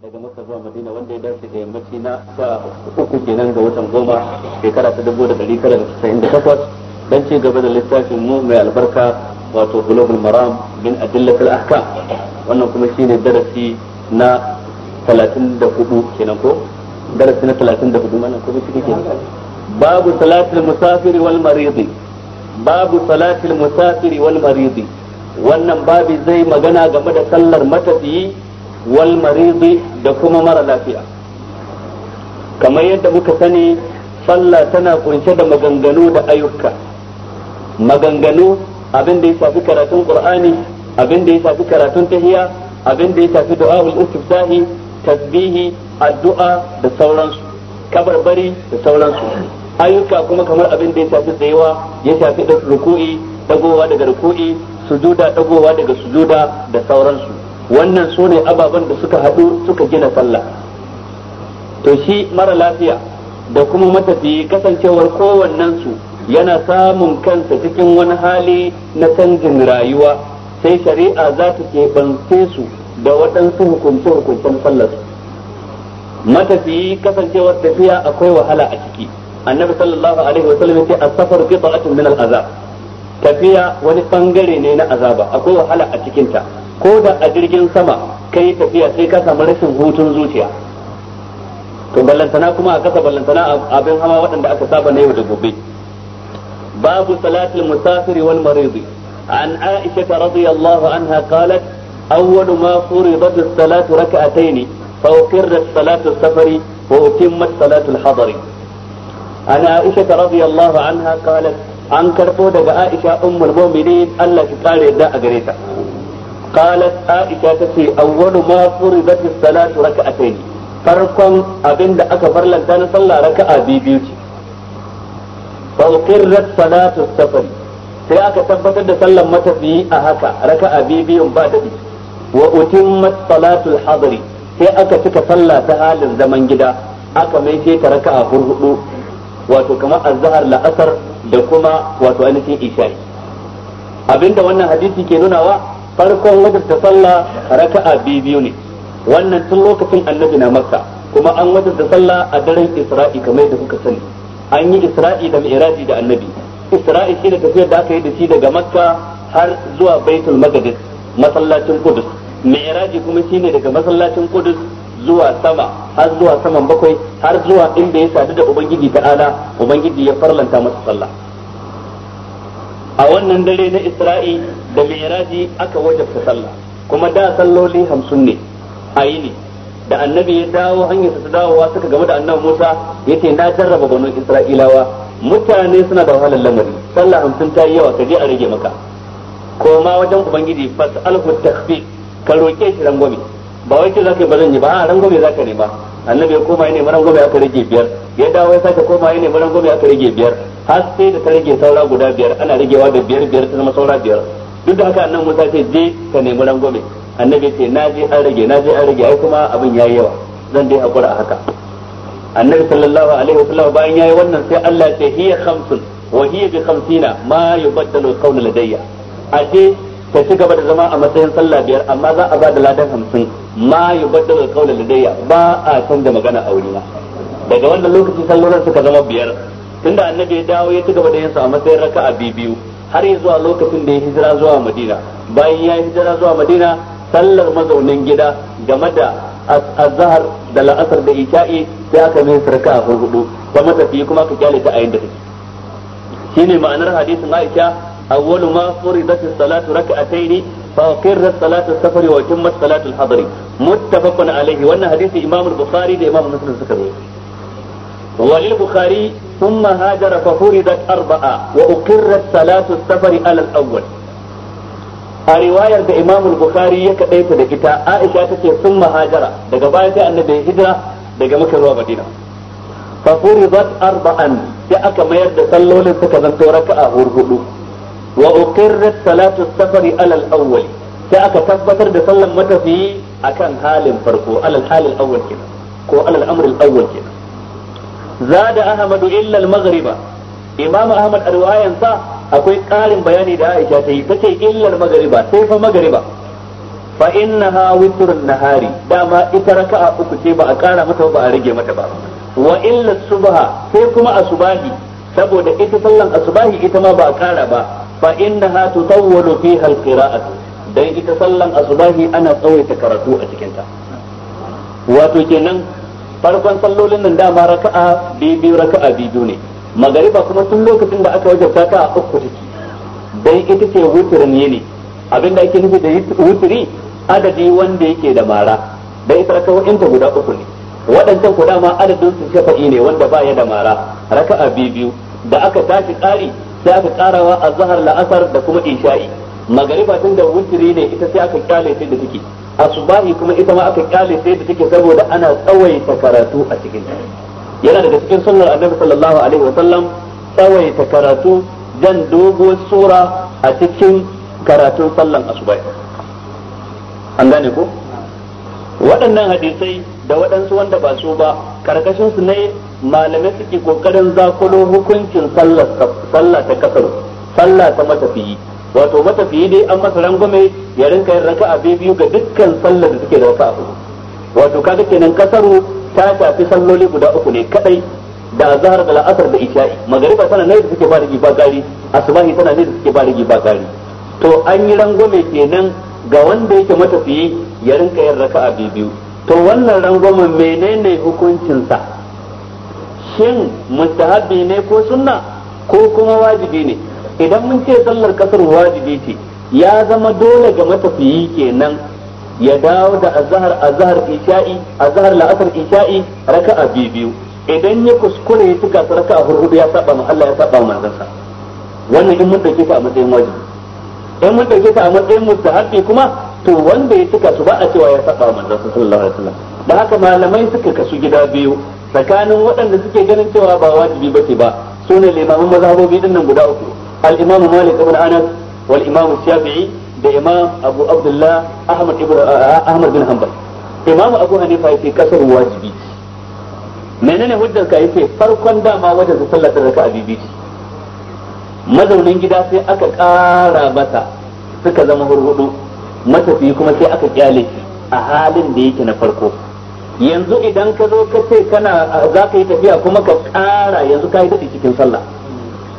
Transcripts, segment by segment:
daga maka zuwa madina wanda ya dace da yammaci na sha uku kenan ga watan goma shekara ta dubu da ɗari tara da da takwas don ci gaba da littafin mu mai albarka wato bulogul maram wannan kuma shine darasi na talatin da hudu kenan ko darasi na talatin da hudu shi babu salatul musafiri wal maridi babu salatul musafiri wal maridi wannan babi zai magana game da sallar matafiyi wal da kuma mara lafiya kamar yadda muka sani sallah tana kunshe da maganganu da ayyuka maganganu abin da ya shafi karatun qur'ani abin da ya shafi karatun tahiyya abin da ya shafi du'a'ul istiftahi tasbihi addu'a da sauransu kabarbari da sauransu ayyuka kuma kamar abin da ya shafi zaiwa, ya shafi da ruku'i dagowa daga ruku'i sujuda dagowa daga sujuda da sauransu wannan su ne ababen da suka haɗu suka gina sallah to shi mara lafiya da kuma matafiyi kasancewar kowannensu yana samun kansa cikin wani hali na canjin rayuwa sai shari'a za ta keɓance su da waɗansu hukunce-hukuncen sallarsu matafiyi kasancewar tafiya akwai wahala a ciki annabi sallallahu alaihi wa sallam yace as-safar qita'atun min al-azab tafiya wani bangare ne na azaba akwai wahala a cikin ta ko da a jirgin sama yi tafiya sai ka samu rashin hutun zuciya to ballantana kuma a kasa ballantana abin hawa waɗanda aka saba na yau da gobe babu salatul musafiri wal maridi an aisha radiyallahu anha qalat awwal ma furidat as-salatu rak'atayn fa uqirrat salatu as-safari wa utimmat salatu al-hadari an aisha radiyallahu anha qalat an karbo daga aisha ummul mu'minin Allah ki kare da a gare ta qalat aisha tace awwalu ma furidat as-salatu rak'atayn farkon abinda aka farlanta na sallah raka'a biyu ce fa uqirrat sai aka tabbatar da sallar matafiyi a haka Raka biyun ba dadi wa utimmat salatul sai aka cika sallah ta halin zaman gida aka mai ce ta raka'a hurhudu wato kamar azhar la'asar da kuma wato ainihin isha'i abinda wannan hadisi ke nunawa farkon wajabta sallah raka'a biyu ne wannan tun lokacin annabi na makka kuma an wajabta sallah a daren isra'i kamar da kuka sani an yi isra'i da mi'raji da annabi isra'i shine tafiyar da aka yi da shi daga makka har zuwa baitul maqdis masallacin Kudus. mi'raji kuma ne daga masallacin qudus zuwa sama har zuwa saman bakwai har zuwa inda ya sadu da ubangiji ta'ala ubangiji ya farlanta masa sallah a wannan dare na isra'i da mi'raji aka wajabta sallah kuma da salloli hamsin ne a ne da annabi ya dawo hanyar ta dawowa suka game da annabi Musa ce na jarraba banu Isra'ilawa mutane suna da wahalar lamari sallah hamsin ta yi yawa ka je a rage maka ma wajen ubangiji alhu takfif ka roke shi rangwame ba wai ce zaka yi bazan yi ba a rangwame zaka nema annabi ya koma ya nemi rangwame aka rage biyar ya dawo ya sake koma ya nemi rangwame aka rage biyar har sai da ta rage saura guda biyar ana ragewa da biyar biyar ta zama saura biyar duk da haka annabi Musa ce je ka nemi rangwame annabi ce na je an rage na je an rage ai kuma abin yayi yawa zan dai hakura a haka annabi sallallahu alaihi wasallam bayan yayi wannan sai Allah ya ce hiya khamsun wa hiya bi khamsina ma yubaddalu al-qawl ladayya a ce ta ci gaba da zama a matsayin sallah biyar amma za a ba ladan hamsin ma yubaddalu qawl ladayya ba a canza magana a wurina daga wannan lokacin su suka zama biyar tunda annabi ya dawo ya ci gaba da yin su a matsayin raka'a biyu har yi zuwa lokacin da ya hijira zuwa madina bayan ya hijira zuwa madina sallar mazaunin gida game da azhar da la'asar da isha'i sai aka mai sarka a hudu ba matafiyi kuma ka kyale ta a yanda shi ne ma'anar hadisin Aisha awwalu ma furidat as-salatu rak'atayn fa qirrat salatu safari wa kimmat salatu al-hadr muttafaqun alayhi wannan hadisi imamul al-Bukhari da Imam Muslim suka rawaito وللبخاري ثم هاجر ففردت أربعة وأقرت ثلاث السفر على الأول a riwayar da imamu bukhari ya kadaita da ita aisha ta ce sun mahajara daga bayan sai annabi ya hijira daga maka zuwa madina fa furidat arba'an sai aka mayar da sallolin suka zanto raka'a hurhudu wa uqirrat salatu safari alal awwal sai aka tabbatar da sallan matafi akan halin farko ko alal amr al awwal zada ahmadu illa al-maghriba imam ahmad arwayan sa akwai ƙarin bayani da aisha ta yi tace illa al sai fa maghriba fa innaha witrun nahari dama ita raka'a uku ce ba a kara mata ba a rage mata ba wa illa subha sai kuma asubahi saboda ita sallan asubahi ita ma ba a kara ba fa innaha tutawwalu fiha al-qira'atu dan ita sallan asubahi ana tsawaita karatu a cikin ta wato kenan farkon sallolin nan dama raka'a biyu raka'a biyu ne magariba kuma tun lokacin da aka wajabta ta a uku take dai ita ce ne. abin abinda ake nufi da wuturi adadi wanda yake da mara da ita raka'o'in ta guda uku ne waɗancan ku dama adadin su shafa'i ne wanda ba ya da mara raka'a biyu da aka tashi tsari sai aka ƙarawa azhar la'asar da kuma isha'i magariba tun da wuturi ne ita sai aka kyale ta da take asubahi kuma ita ma aka kyale sai da take saboda ana tsawaita karatu a cikin yana daga cikin sunnar annabi sallallahu alaihi wa sallam tsawaita karatu jan dogo sura a cikin karatun sallan asubahi an gane ko waɗannan hadisai da waɗansu wanda ba su ba karkashin su ne malamai suke kokarin zakulo hukuncin sallah ta kasar sallah ta matafiyi wato matafiyi dai an masa rangwame ya rinka yin raka'a biyu ga dukkan sallar da suke da raka'a abu wato kaga kenan kasaru ta shafi salloli guda uku ne kadai da azhar da la'asar da isha'i magariba tana ne da suke ba rigi ba gari asubahi tana ne da suke ba rigi gari to an yi rangwame kenan ga wanda yake matafiyi ya rinka yin raka'a biyu to wannan rangwamen menene hukuncinsa shin mustahabi ne ko sunna ko kuma wajibi ne idan mun ce sallar kasar wajibi ce ya zama dole ga matafiyi kenan ya dawo da azhar azhar isha'i azhar la'asar isha'i raka'a biyu idan ya kuskure ya tuka su raka'a hurhudu ya saba ma Allah ya saba ma manzansa wannan in mun dauke ta a matsayin wajibi in mun dauke ta a matsayin mustahabi kuma to wanda ya tuka su ba a cewa ya saba ma manzansa sallallahu alaihi wasallam da haka malamai suka kasu gida biyu tsakanin waɗanda suke ganin cewa ba wajibi bace ba sune limamin mazhabobi dinnan guda uku al-imam malik ibn anas wal imam shafi'i da imam abu abdullah ahmad ibn ahmad bin hanbal imam abu hanifa yace kasar wajibi menene hujjar ka yace farkon dama wajen su sallar da raka'a bibi mazaunin gida sai aka ƙara mata suka zama hurhudu matafi kuma sai aka kyale a halin da yake na farko yanzu idan ka zo ka ce kana za ka yi tafiya kuma ka ƙara yanzu ka yi daɗi cikin sallah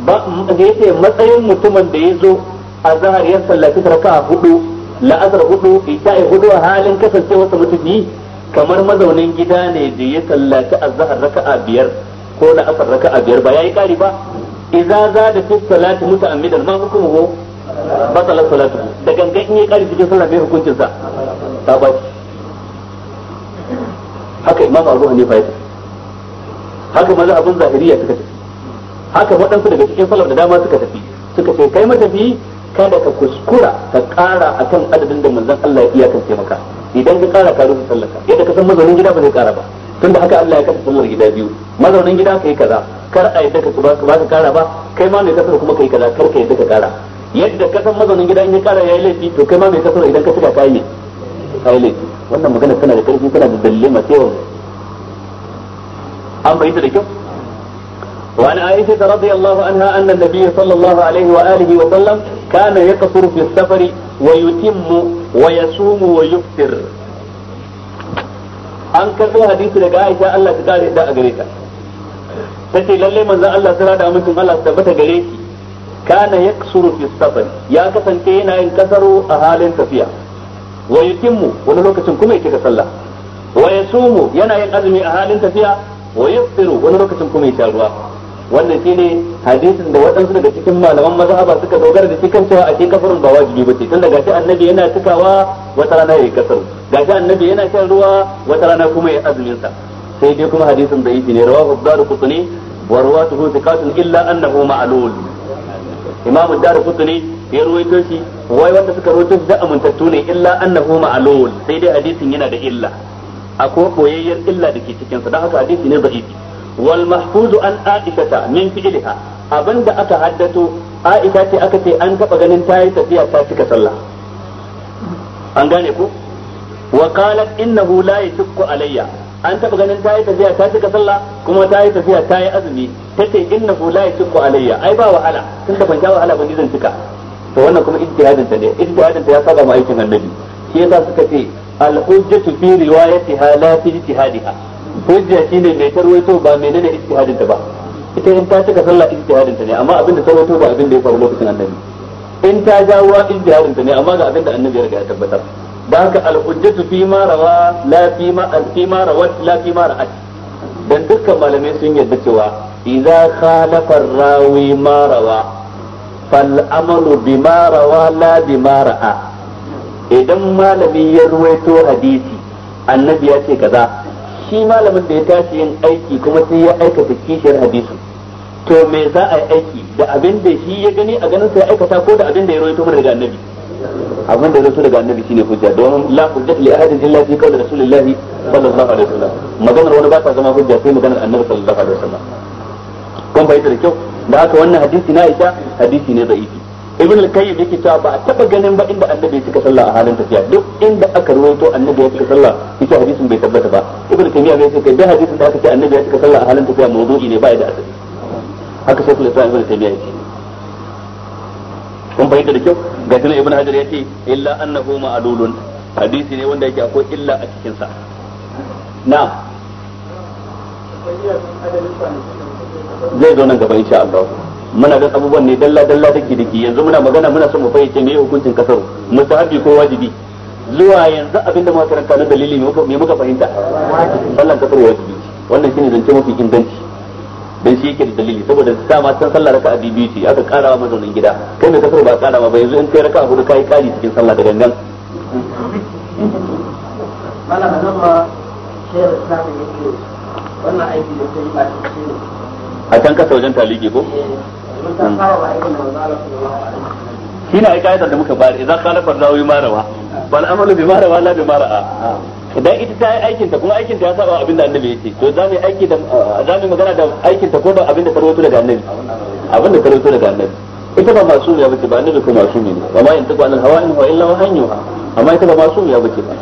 da yake matsayin mutumin da ya zo a zahar ya sallaci raka'a hudu la'azar hudu isha'i hudu a halin wasu mutumi kamar mazaunin gida ne da ya zahar raka a biyar ko la'asar a biyar ba yi kari ba za da fi salati muta'ammidan ma hukumuhu batala salatu da gangan in yi kari cikin sallah mai hukuncin sa ta ba haka imam abu hanifa ya haka maza abun zahiriya suka ce haka waɗansu daga cikin salaf da dama suka tafi suka ce kai matafi kada ka kuskura ka ƙara akan adadin da manzon Allah ya iya kan maka idan ka ƙara ka rufe sallarka yadda ka san mazaunin gida ba zai ƙara ba tunda haka Allah ya kafa sallar gida biyu mazaunin gida kai kaza kar a yadda ka ba ka ƙara ba kai ma mai kasar kuma kai kaza kar ka yadda ka ƙara yadda ka san mazaunin gida in ya ƙara yayi laifi to kai ma mai kasar idan ka tuka kai ne kai laifi wannan magana tana da ƙarfi tana da dalilai masu yawa an bayyana da kyau وعن عائشة رضي الله عنها أن النبي صلى الله عليه وآله وسلم كان يقصر في السفر ويتم ويصوم ويفطر an karɓi hadisi daga Aisha Allah ta kare ta a gare ta tace lalle manzo Allah sura da mutum Allah ta tabbata gare shi kana yaksuru fi safar ya kasance yana yin kasaro a halin tafiya wa yutimmu wani lokacin kuma yake ga sallah wa yasumu yana yin azumi a halin tafiya wa yaftiru wani lokacin kuma yake ruwa wannan ne hadisin da waɗansu daga cikin malaman mazhaba suka dogara da shi kan cewa ashe kafarin ba wajibi ce tunda shi annabi yana tukawa wata rana ya yi kasar shi annabi yana shan ruwa wata rana kuma ya azumin sa sai dai kuma hadisin da yake ne rawahu ad-darqutni wa rawatuhu thiqatun illa annahu ma'lul imam ad-darqutni ya ruwaito shi wai wanda suka ruwaito shi da amintattu ne illa annahu ma'lul sai dai hadisin yana da illa akwai koyayyar illa da ke cikin sa don haka hadisi ne da'ifi wal mahfuzu an aisha min fi'liha abinda aka haddato aisha ce aka ce an taba ganin tayi tafiya ta cika sallah an gane ku wa qalat innahu la yashukku alayya an taba ganin tayi tafiya ta cika sallah kuma tayi tafiya tayi azumi tace innahu la yashukku alayya ai ba wahala tun da ban ja wahala ban zan cika to wannan kuma ijtihadin ta ne ijtihadin ta ya saba ma aikin annabi shi yasa suka ce al hujjatu fi riwayatiha la fi ijtihadiha hujja shine mai tarwaito ba menene ijtihadin ta ba ita in ta cika sallah ijtihadin ta ne amma abin da tarwaito ba abin da ya faru lokacin annabi in ta jawo ijtihadin ta ne amma ga abin da annabi ya riga ya tabbatar da haka al-hujjatu fi ma rawa la fi ma fi ma rawa la fi ma ra'at dan dukkan malamai sun yarda cewa idza khalafa rawi ma rawa fal amalu ma rawa la ma ra'a idan malami ya ruwaito hadisi annabi ya ce kaza shi malamin da ya tashi yin aiki kuma sai ya aikata kishiyar hadisu to me za a yi aiki da abin da shi ya gani a ganin sai aikata ko da abin da ya rawaito mana daga annabi abin da ya rawaito daga annabi shine hujja don la hujja li ahadin illa fi qawli rasulillahi sallallahu alaihi wasallam maganar wani ba ta zama hujja sai maganar annabi sallallahu alaihi wasallam kun bai da kyau da haka wannan hadisi na Aisha hadisi ne da'ifi ibn al-kayyim yake cewa ba a taba ganin ba inda annabi ya cika sallah a halin tafiya duk inda aka ruwaito annabi ya cika sallah yace hadisin bai tabbata ba ibn al-kayyim ya ce kai da hadisin da aka ce annabi ya cika sallah a halin tafiya mawdu'i ne ba da asali haka sai kullu ibn al-kayyim ya ce kun bayyana da kyau ga tunan ibn hajar ya ce illa annahu ma'dulun hadisi ne wanda yake akwai illa a cikin sa na zai zo nan gaba insha Allah muna da abubuwan ne dalla dalla take dake yanzu muna magana muna son mu fayyace me hukuncin kasar musahabi ko wajibi zuwa yanzu abinda muka karanta na dalili me muka fahimta sallan kasar wajibi wannan shine zance mafi inganci dan shi yake da dalili saboda dama san sallah raka'a biyu ce aka karawa mazaunin gida kai ne kasar ba karawa ba yanzu in kai raka'a hudu kai kari cikin sallah da gangan malam nan ma shehu islamin yake wannan aiki da yi ba a can kasa wajen taliki ko eh. shine ai kaidar da muka bari idan kana farzawi marawa bal amalu bi marawa la bi mara'a idan ita ta yi aikin ta kuma aikin ta ya saba abin da annabi yace to za mu aiki da za mu magana da aikin ta ko ba abin da karwato daga annabi abin da karwato daga annabi ita ba masu ya bace ba annabi ko masu ne ba ma in ta kwanan hawa in wa illa amma ita ba masu ya bace ba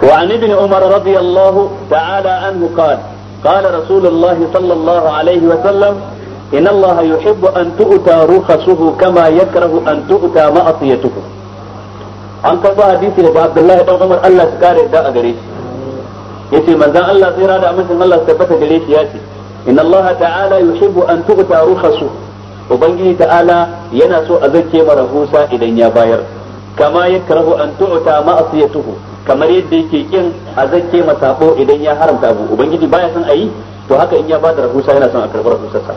وعن ابن عمر رضي الله تعالى عنه قال قال رسول الله صلى الله عليه وسلم إن الله يحب أن تؤتى رخصه كما يكره أن تؤتى معصيته an karba hadisi daga Abdullahi Ɗan Umar Allah su kare da a gare shi yace manzon Allah sai da amincin Allah su tabbata gare shi yace inna Allah ta'ala yuhibbu an tu'ta rukhasu ubangiji ta'ala yana so a zake mara husa idan ya bayar kama yakrahu an tu'ta ma'asiyatuhu kamar yadda yake kin a zakke masabo idan ya haramta abu ubangiji baya son ayi to haka in ya ba da rahusa yana son a karbar rahusarsa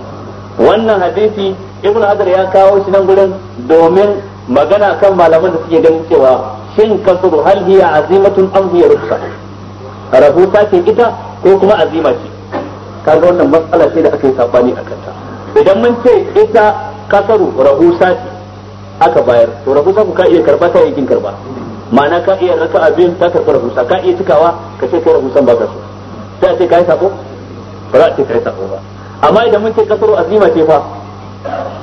wannan hadisi ibnu hadar ya kawo shi nan gurin domin magana kan malaman da suke ganin cewa shin kasuru hal hiya azimatun am hiya rukhsa rahusa ce ita ko kuma azima ce kaga wannan matsala ce da aka yi sabani a kanta. idan mun ce ita kasaru rahusa ce aka bayar to rahusa ku ka iya karba ta yakin karba ma'ana ka iya raka abin ta karɓi rahusa ka iya cikawa ka ce kai rahusan ba ka so sai a ce ka yi sako ba za a ce ka yi sako ba amma idan mun ce kasaro azima ce fa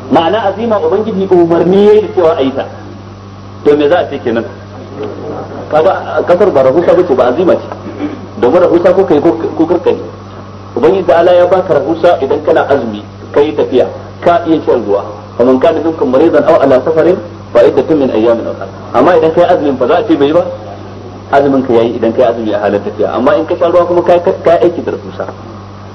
ma'ana azima ubangiji umarni yi da cewa a yi ta to me za a ce kenan kaga kasar ba rahusa ba ce ba azima ce domin rahusa ko kai ko karkai ubangiji da Allah ya baka rahusa idan kana azumi kai tafiya ka iya shan ruwa ka da dukkan maridan aw ala safarin ba idda tun min ayyamin ukhra amma idan kai azumin fa za a ce bai ba azumin ka yayi idan kai azumi a halin tafiya amma in ka sha ruwa kuma kai kai aiki da rahusa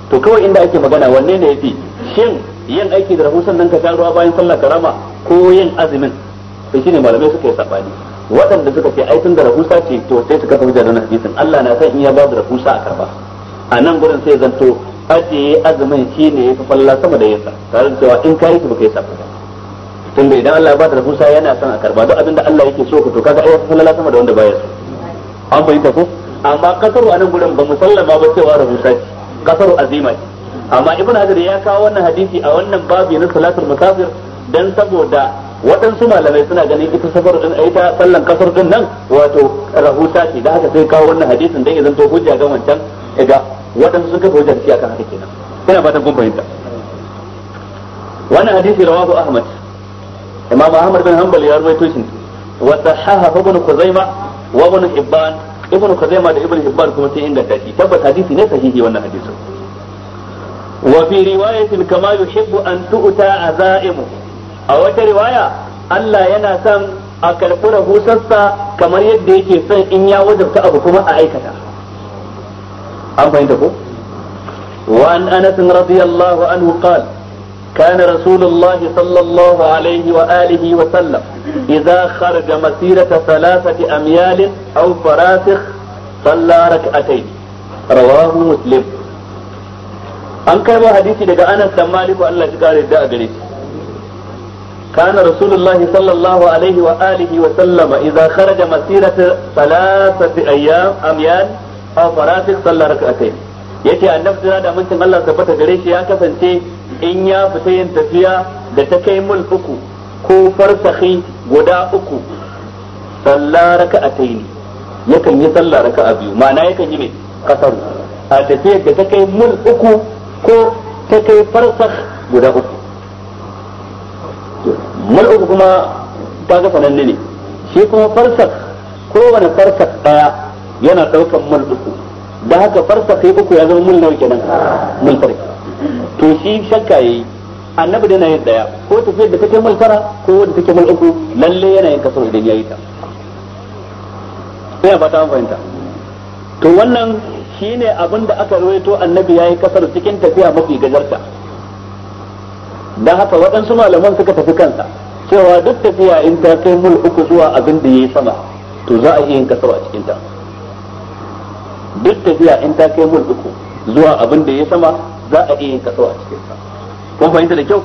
to kawai inda ake magana wanne ne yafi shin yin aiki da rahusa nan ka sha ruwa bayan sallar karama ko yin azumin to shine malamai suka yi sabani waɗanda suka ce ai da rahusa ce to sai su kafa hujjar hadisin Allah na san in ya ba da rahusa a karba a nan gurin sai zanto ajiye azumin shine fi falla sama da yasa tare da cewa in kai ki baka yi sabani tunda idan Allah ba bata rahusa yana son a karba duk abinda Allah yake so ka to kaga ayyuka sallala sama da wanda baya so an fahimta ko amma kasaru anan nan gurin ba musallama ba cewa rahusa ce kasaru azima ce amma ibn hajar ya kawo wannan hadisi a wannan babi na salatul musafir dan saboda waɗansu malamai suna ganin ita safar din ita sallan kasar din nan wato rahusa ce da haka sai kawo wannan hadisin dan idan to hujja ga wancan ga waɗansu sun hujja hujjar akan haka kenan Kina fatan kun fahimta wannan hadisi rawahu ahmad imam ahmad bin hanbal ya rawaito shi wa sahaha ibn kuzaima wa ibn hibban ibn kuzaima da ibn hibban kuma sai inganta shi tabbata hadisi ne sahihi wannan hadisi wa fi riwayatin kama yuhibbu an tu'ta azaimu a wata riwaya Allah yana son a karɓi rahutarsa kamar yadda yake son in ya wajabta abu kuma a aikata an fahimta ko Wa انس رضي radiyallahu عنه قال كان رسول الله صلى الله عليه وآله وسلم إذا خرج مسيرة ثلاثة أميال أو فراسخ صلى ركعتين رواه مسلم an karbo hadisi daga anas dan maliku Allah ya kare da gare shi kana rasulullah sallallahu alaihi wa alihi wa sallam idza kharaja masirata thalathati ayyam amyal aw faratik sallar rak'atayn yace annabi da mutum Allah tabbata gare shi ya kasance in ya fita yin tafiya da ta kai mul uku ko farsahi guda uku sallah raka'ataini yakan yi sallah a biyu ma'ana yakan yi mai kasaru a tafiyar da ta kai mul uku ko ta kai farsah guda uku mul uku kuma ta ga sananne ne shi kuma farsah kowane farsah daya yana ɗaukan mul uku da haka farsah uku ya zama mul nawa kenan mul farki to shi shakka yayi annabi da yin daya ko tafiyar da kake mul tara ko wanda kake mul uku lalle yana yin kasar idan yayi ta ina fata an fahimta to wannan shine abin da aka rawaito annabi yayi kasar cikin tafiya mafi gajarta dan haka waɗansu malaman suka tafi kansa cewa duk tafiya in ta kai mul uku zuwa abin da yayi sama to za a yi yin kasar a cikin ta duk tafiya in ta kai mul uku zuwa abin da yayi sama za a iya yin kaso a cikin sa kun fahimta da kyau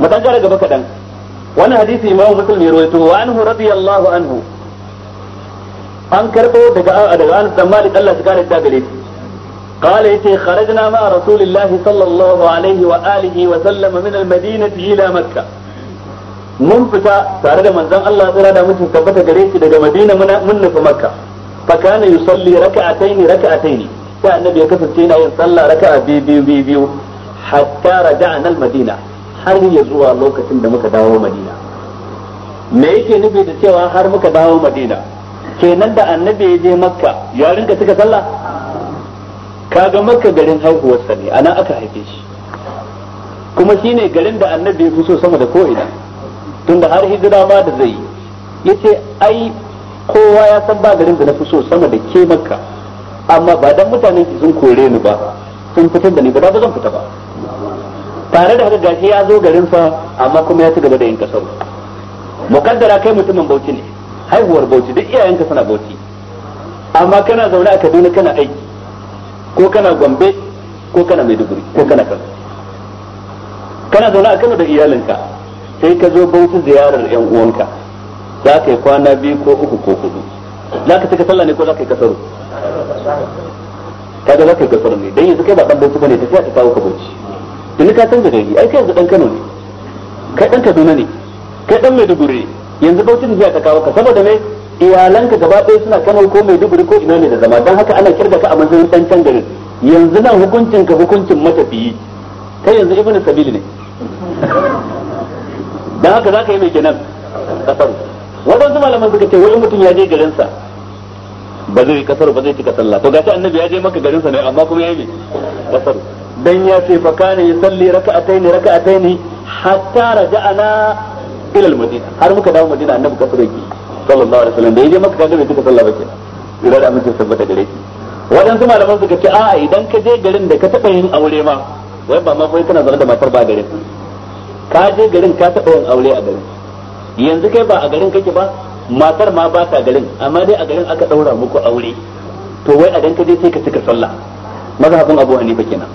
mu dan gara gaba kaɗan. Wani hadisi imamu muslim ya rawaito wa anhu radiyallahu anhu an karɓo daga daga an dan malik Allah ya kare ta gare shi قال يتي خرجنا مع رسول sallallahu alaihi wa alihi wa وسلم min المدينة إلى مكة mun fita tare da manzon Allah tsira da mutum tabbata gare shi daga Madina mun nufi Makka fa kana yusalli raka'ataini raka'ataini sai annabi ya kasance yana yin sallah raka'a biyu biyu biyu biyu hatta raja'na al-madina har ya zuwa lokacin da muka dawo madina me yake nufi da cewa har muka dawo madina kenan da annabi ya je makka ya rinka cika sallah kaga makka garin sa ne anan aka haife shi kuma shine garin da annabi ya fi so sama da ko'ina tunda har hijira ma da zai yi yace ai kowa ya san ba garin da na fi so sama da ke makka amma ba dan mutanen ki sun kore ni ba sun fitar da ni ba ba zan fita ba tare da haka gashi ya zo garin fa amma kuma ya ci gaba da yin kasar mukaddara kai mutumin bauchi ne haihuwar bauchi duk iyayenka suna bauchi amma kana zaune a Kaduna kana aiki ko kana Gombe ko kana Maiduguri ko kana Kano kana zaune a Kano da iyalinka sai ka zo bauchi ziyarar yan uwanka za ka yi kwana biyu ko uku ko hudu za ka cika sallah ne ko za ka yi kasaru kaga za ka yi kasaru ne dan yanzu kai ba dan bauchi bane tafiya ta kawo ka bauchi tuni ka canza gari ai kai yanzu dan Kano ne kai dan Kaduna ne kai dan Maiduguri yanzu bauchin zai ta kawo ka saboda me iyalanka gaba ɗaya suna Kano ko Maiduguri ko ina ne da zama dan haka ana kirga ka a matsayin dan can garin yanzu nan hukuncin ka hukuncin matafiyi kai yanzu ibnu sabil ne dan haka zaka yi mai kenan kasaru wadansu malaman suka ce wai mutum ya je garinsa ba zai kasar ba zai cika sallah to gashi annabi ya je maka garinsa ne amma kuma ya yi kasar dan ya ce fa kana yusalli raka'atayn raka'atayn hatta raja'ana ila al-madina har muka dawo madina annabi kasar yake sallallahu alaihi wasallam da ya je maka garin bai cika sallah ba ke idan da mutum tabbata gare shi wadansu malaman suka ce a'a idan ka je garin da ka taɓa yin aure ma wai ba ma fa kana zaune da matar ba garin ka je garin ka taɓa yin aure a garin yanzu kai ba a garin kake ba matar ma ba ta garin amma dai a garin aka daura muku aure to wai a danka ka je sai ka cika sallah mazhabin Abu Hanifa kenan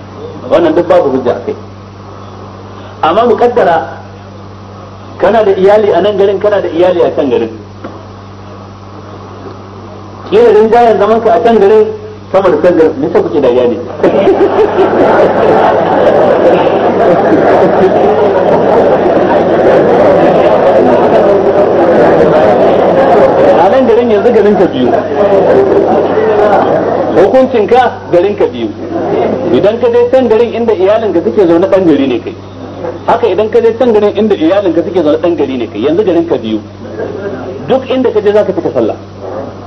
wannan duk babu hujja kai amma mu kaddara kana da iyali a nan garin kana da iyali a can garin kila rinjayen zaman ka a can garin sama da sandar kuke da ne a nan garin yanzu garin ka biyu hukuncin ka garin ka biyu idan ka je can garin inda ka suke zaune dan gari ne kai haka idan ka je can garin inda ka suke zaune dan gari ne kai yanzu garin ka biyu duk inda ka je za zaka fita sallah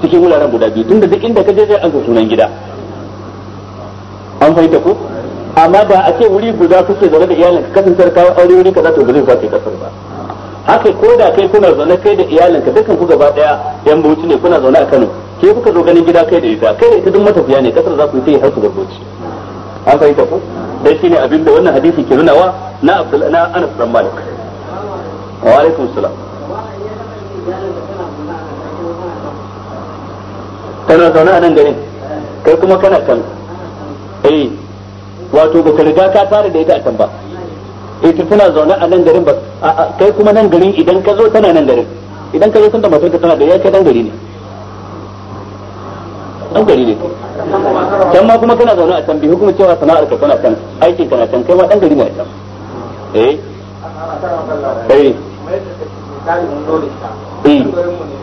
cikin wuraren guda biyu tunda duk inda ka je zai ansa sunan gida an fahimta ko amma ba a ce wuri guda kuke zaune da iyalin ka kasance ka aure wuri kaza to ba zai sake kasar ba haka ko da kai kuna zaune kai da iyalin ka dukan ku gaba daya yan bauchi ne kuna zaune a Kano ke kuka zo ganin gida kai da ita kai da ita duk matafiya ne kasar za ku yi har su ga bauchi an fahimta ko dai shine abin da wannan hadisi ke nunawa na Abdul na Anas bin Malik wa alaikum salam kana zaune a nan garin kai kuma kana can eh wato baka riga ka tare da ita a can ba eh ita tana zaune a nan garin ba kai kuma nan garin idan ka zo tana nan garin idan ka zo tunda matar ka tana da yake dan gari ne dan gari ne can ma kuma kana zaune a can bi hukumar cewa sana'ar ka tana can aikin kana can kai ma dan gari ne a can eh eh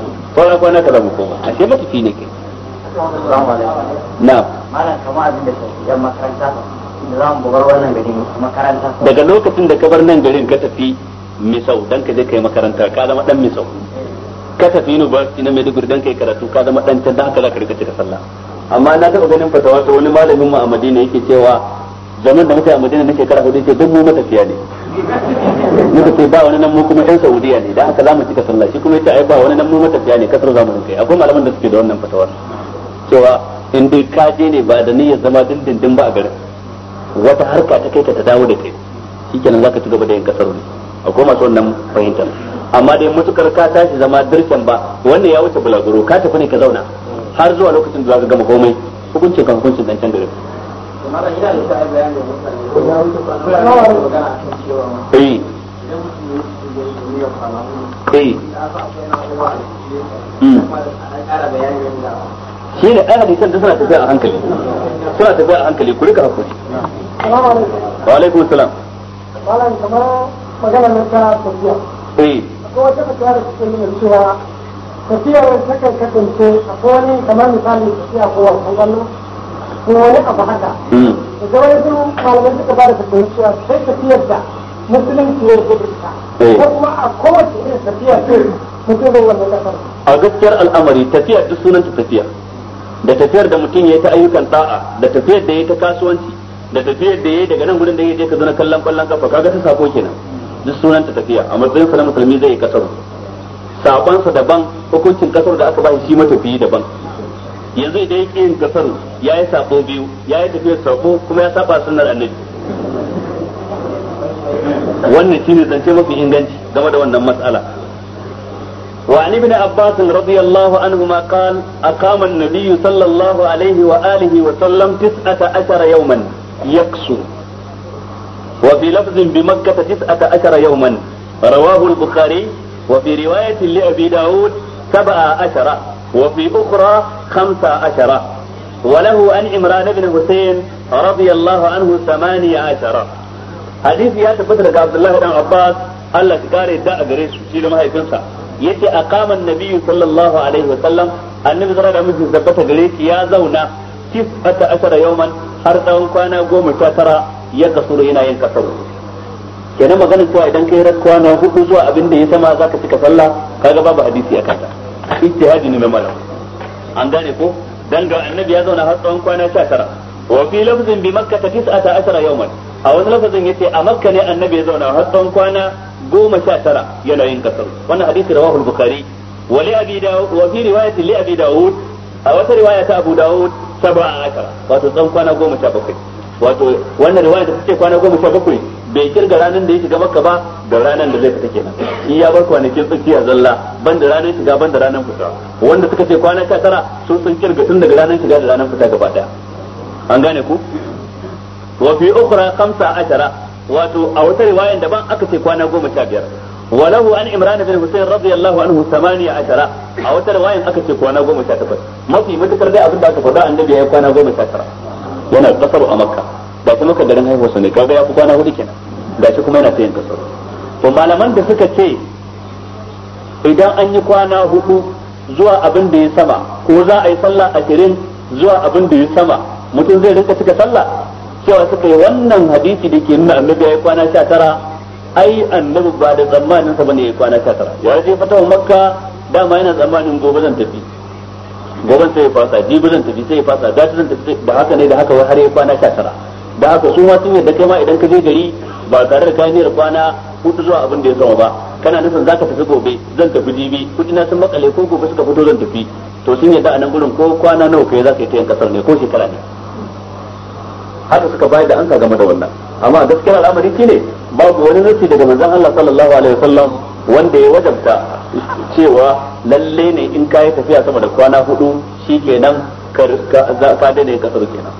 sauran kwana kaza mu koma ashe matafi ne kai na malam kamar abin da yan makaranta da za mu bar wannan gari makaranta daga lokacin da ka bar nan garin ka tafi misau dan ka je kai makaranta ka zama dan misau ka tafi university na Maiduguri dan kai karatu ka zama dan can dan haka za ka rika cika sallah amma na taɓa ganin fatawa ta wani malamin mu a Madina yake cewa zaman da muka yi a madina na shekara hudu ce duk mu matafiya ne muka ce ba wani nan mu kuma yan saudiya ne da aka zamu cika sallah shi kuma yace ai ba wani nan mu matafiya ne kasar zamu kai akwai malaman da suke da wannan fatawar cewa in dai ka je ne ba da niyyar zama dindindin ba a garin wata harka ta kai ka ta dawo da kai shikenan zaka ci gaba da yin kasar ne akwai masu wannan fahimtar amma dai mutukar ka tashi zama dirshan ba wannan ya wuce bulaguro ka tafi ne ka zauna har zuwa lokacin da zaka gama komai hukuncin kan hukuncin dan can garin Eh. Eh. Hmm. shi ne ɗan hadisan da suna tafiya a hankali suna tafiya a hankali ku rika hakuri wa alaikum salam malam kamar magana na ta tafiya eh akwai wata tafiya da kuke nuna cewa tafiyar ta kan kasance akwai wani kamar misali tafiya ko wasan kwallo ko wani abu haka hmm. da wani su malamai suka ba da tafiya cewa sai tafiyar da musulunci ne ya yi eh. ko kuma a kowace irin tafiya mutum zai wannan kasar a gaskiyar al'amari tafiya duk sunan ta tafiya da tafiyar da mutum ya yi ta ayyukan ɗa'a da tafiyar da ya yi ta kasuwanci da tafiyar da ya yi daga nan gudun da ya je ka zana kallon kwallon kafa kaga ta sako kenan duk sunan ta tafiya a matsayin sa na musulmi zai yi kasar sabansa daban hukuncin kasar da aka ba shi matafiyi daban yanzu idan yake yin gafar ya yi sabo biyu ya yi tafiya sabo kuma ya saba sunnar annabi wannan shine zance mafi inganci game da wannan mas'ala wa ali ibn abbas radiyallahu anhu ma qal aqama an-nabiy sallallahu alayhi wa alihi wa sallam 19 yawman yaksu wa fi lafzin bi makkah 19 yawman rawahu al-bukhari وفي رواية لأبي داود سبع عشرة وفي أخرى خمسة عشرة وله عن عمران بن حسين رضي الله عنه ثمانية عشرة حديث يا تفتر عبد الله بن عباس الله تقاري داء غريس شيل ما يكنسا yace aqama an-nabiy sallallahu alaihi wa sallam annabi zara da mutum tabbata gare shi ya zauna tis'ata ashara yawman har tsawon kwana goma sha tara ya yin kenan maganin cewa idan kai rakwana hudu zuwa abin da ya sama zaka cika sallah kaga babu hadisi a kanta ijtihadi ne mai malam an gane ko dan ga annabi ya zauna har tsawon kwana 19 wa fi lafzin bi makka ta 19 yawman a wani lafzin yace a makka ne annabi ya zauna har tsawon kwana 19 yana yin kasar wannan hadisi rawahu al-bukhari wa li abi dawud wa fi riwayati li abi dawud a wata riwaya ta abu daud 17 wato tsawon kwana 17 wato wannan riwaya ta ce kwana 17 bai kirga ranar da ya shiga makka ba da ranar da zai fita kenan in ya bar kwanakin tsakiya zalla ban da ranar shiga ban da ranar fita wanda suka ce kwana sha tara sun san kirga tun daga ranar shiga da ranar fita gaba daya an gane ku wa fi ukhra khamsa ashara wato a wata riwayan daban aka ce kwana goma sha biyar ولو عن عمران بن حسين رضي الله عنه ثمانية عشر أو ترواية أكتب كوانا قوم شاتفت ما في متكر دي أبدا كفضاء النبي يكوانا قوم شاترا yana kasar a makka ba kuma ka garin haihuwarsa ne kaga ya fi kwana hudu kenan gashi kuma yana ta yin kasar to malaman da suka ce idan an yi kwana hudu zuwa abin da ya sama ko za a yi sallah kirin zuwa abin da ya sama mutum zai rinka cika sallah cewa suka yi wannan hadisi da ke nuna annabi ya yi kwana sha tara ai annabi ba da tsammanin sa bane ya yi kwana sha tara ya je fatawa makka dama yana tsammanin gobe zan tafi gobe sai ya fasa jibi zan tafi sai ya fasa da zan tafi ba haka ne da haka har ya kwana sha tara da haka su ma sun yadda kai ma idan ka je gari ba tare da kayan kwana hudu zuwa abin da ya sama ba kana nufin zaka tafi gobe zan tafi jibi kudi na sun makale ko gobe suka fito zan tafi to sun yadda a nan gurin ko kwana nawa kai zaka yi ta yin kasar ne ko shekara ne haka suka bayar da an ka game da wannan amma a gaskiyar al'amari shine babu wani nasi daga manzon Allah sallallahu alaihi wasallam wanda ya wajabta cewa lalle ne in ka yi tafiya sama da kwana hudu shikenan ka ka daina kasar kenan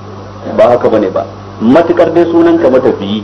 ba haka bane ba matukar dai sunan ka matafiyi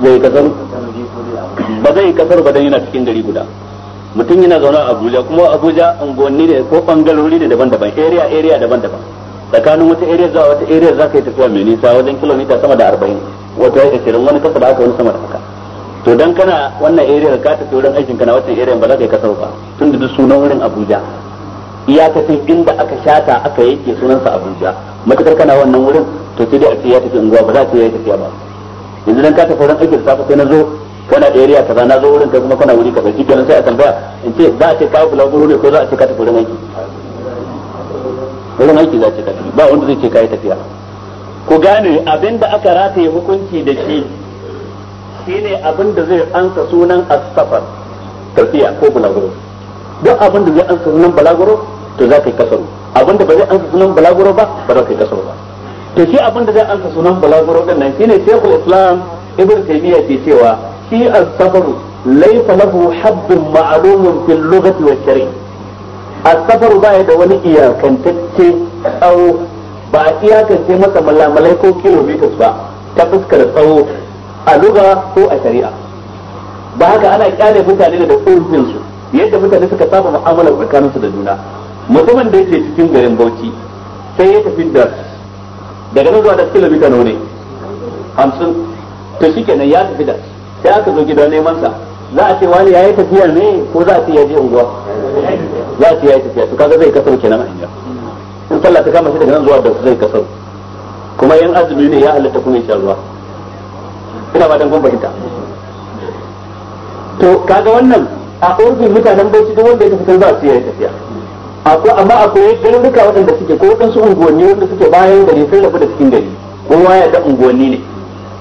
zai kasar ba zai kasar ba dan yana cikin gari guda mutum yana zaune a Abuja kuma Abuja unguwanni da ko bangarori da daban-daban area area daban-daban tsakanin wata area zuwa wata area za ka yi tafiya mai nisa wajen kilomita sama da arba'in wata ya ishirin wani kasa da haka wani sama da haka to dan kana wannan area ka tafi wurin aikin kana wata area ba za ka yi kasar ba tun da sunan wurin Abuja iyakacin inda aka shata aka yake sunansa Abuja matukar kana wannan wurin to sai dai a ce ya tafi unguwa ba za ta yi tafiya ba yanzu dan ka tafi wurin aikin safa sai na zo kana da area kaza na zo wurin kai kuma kana wuri ka kaza kenan sai a tambaya in ce za a ce ka bulaguro ne ko za a ce ka tafi wurin aiki wurin aiki za a ce ka tafi ba wanda zai ce ka yi tafiya ku gane abinda aka rataye hukunci da shi shine abinda zai ansa sunan as-safar tafiya ko bulaguro duk abinda zai ansa sunan bulaguro to za ka yi kasaru abinda ba zai ansa sunan bulaguro ba ba za ka yi kasaru ba to shi abin da zai ansa sunan balaguro din nan shine Sheikhul Islam Ibn Taymiyyah ke cewa shi as-safaru laysa lahu haddun ma'lumun fil lughati wa shari'a as-safaru baya da wani iyakantacce tsawo ba a iyakance masa malamalai ko kilometers ba ta fuskar tsawo a luga ko a shari'a ba haka ana kyale mutane da urfin su yadda mutane suka saba mu'amala tsakaninsu da juna mutumin da yake cikin garin Bauchi sai ya tafi da daga nan zuwa da kilomita nawa ne hamsin to shi kenan ya tafi da sai aka zo gidan neman sa za a ce wani yayi tafiya ne ko za a ce ya je unguwa za a ce yayi tafiya to kaga zai kasar kenan a in sallah ta kama shi daga nan zuwa da zai kasar kuma yan azumi ne ya halatta kuma ya sha ina ba dan kun fahimta to kaga wannan a urfin mutanen bauchi duk wanda ya tafi kan za a ce yayi tafiya akwai amma akwai garuruka waɗanda suke ko su unguwanni wanda suke bayan gari sun rabu da cikin gari kowa ya da unguwanni ne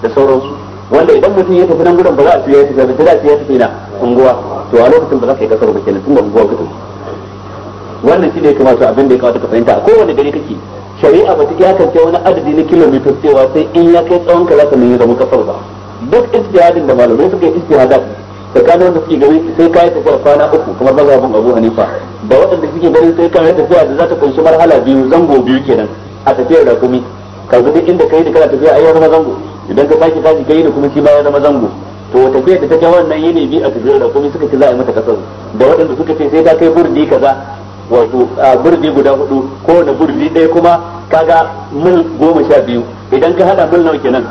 da sauransu wanda idan mutum ya tafi nan gudun ba za a fiye ya tafi da fiye ya tafi na unguwa to a lokacin ba za ka yi kasar ba kenan tun da unguwa ka tafi wannan shi ne kamar su abin da ya kawo ka fahimta a kowane gari kake shari'a ba ta iyakance wani adadi na kilomita cewa sai in ya kai tsawon za ka nemi zama kasar ba duk istihadin da malamai suka yi istihadin tsakanin wanda suke gari sai kayi tafiya kwana uku kamar mazhabin abu hanifa da waɗanda suke garin sai kayi tafiya da za ta kunshi marhala biyu zango biyu kenan a tafiyar da kuma ka zo duk inda kai da kana tafiya a ya zama zango idan ka baki tashi kai da kuma shi ma ya zama zango to tafiyar da ta ga wannan yini bi a tafiyar da kuma suka ce za a yi mata kasar da waɗanda suka ce sai ta kai burdi kaza wato a burdi guda hudu na burdi ɗaya kuma kaga mil goma sha biyu idan ka hada mil nawa kenan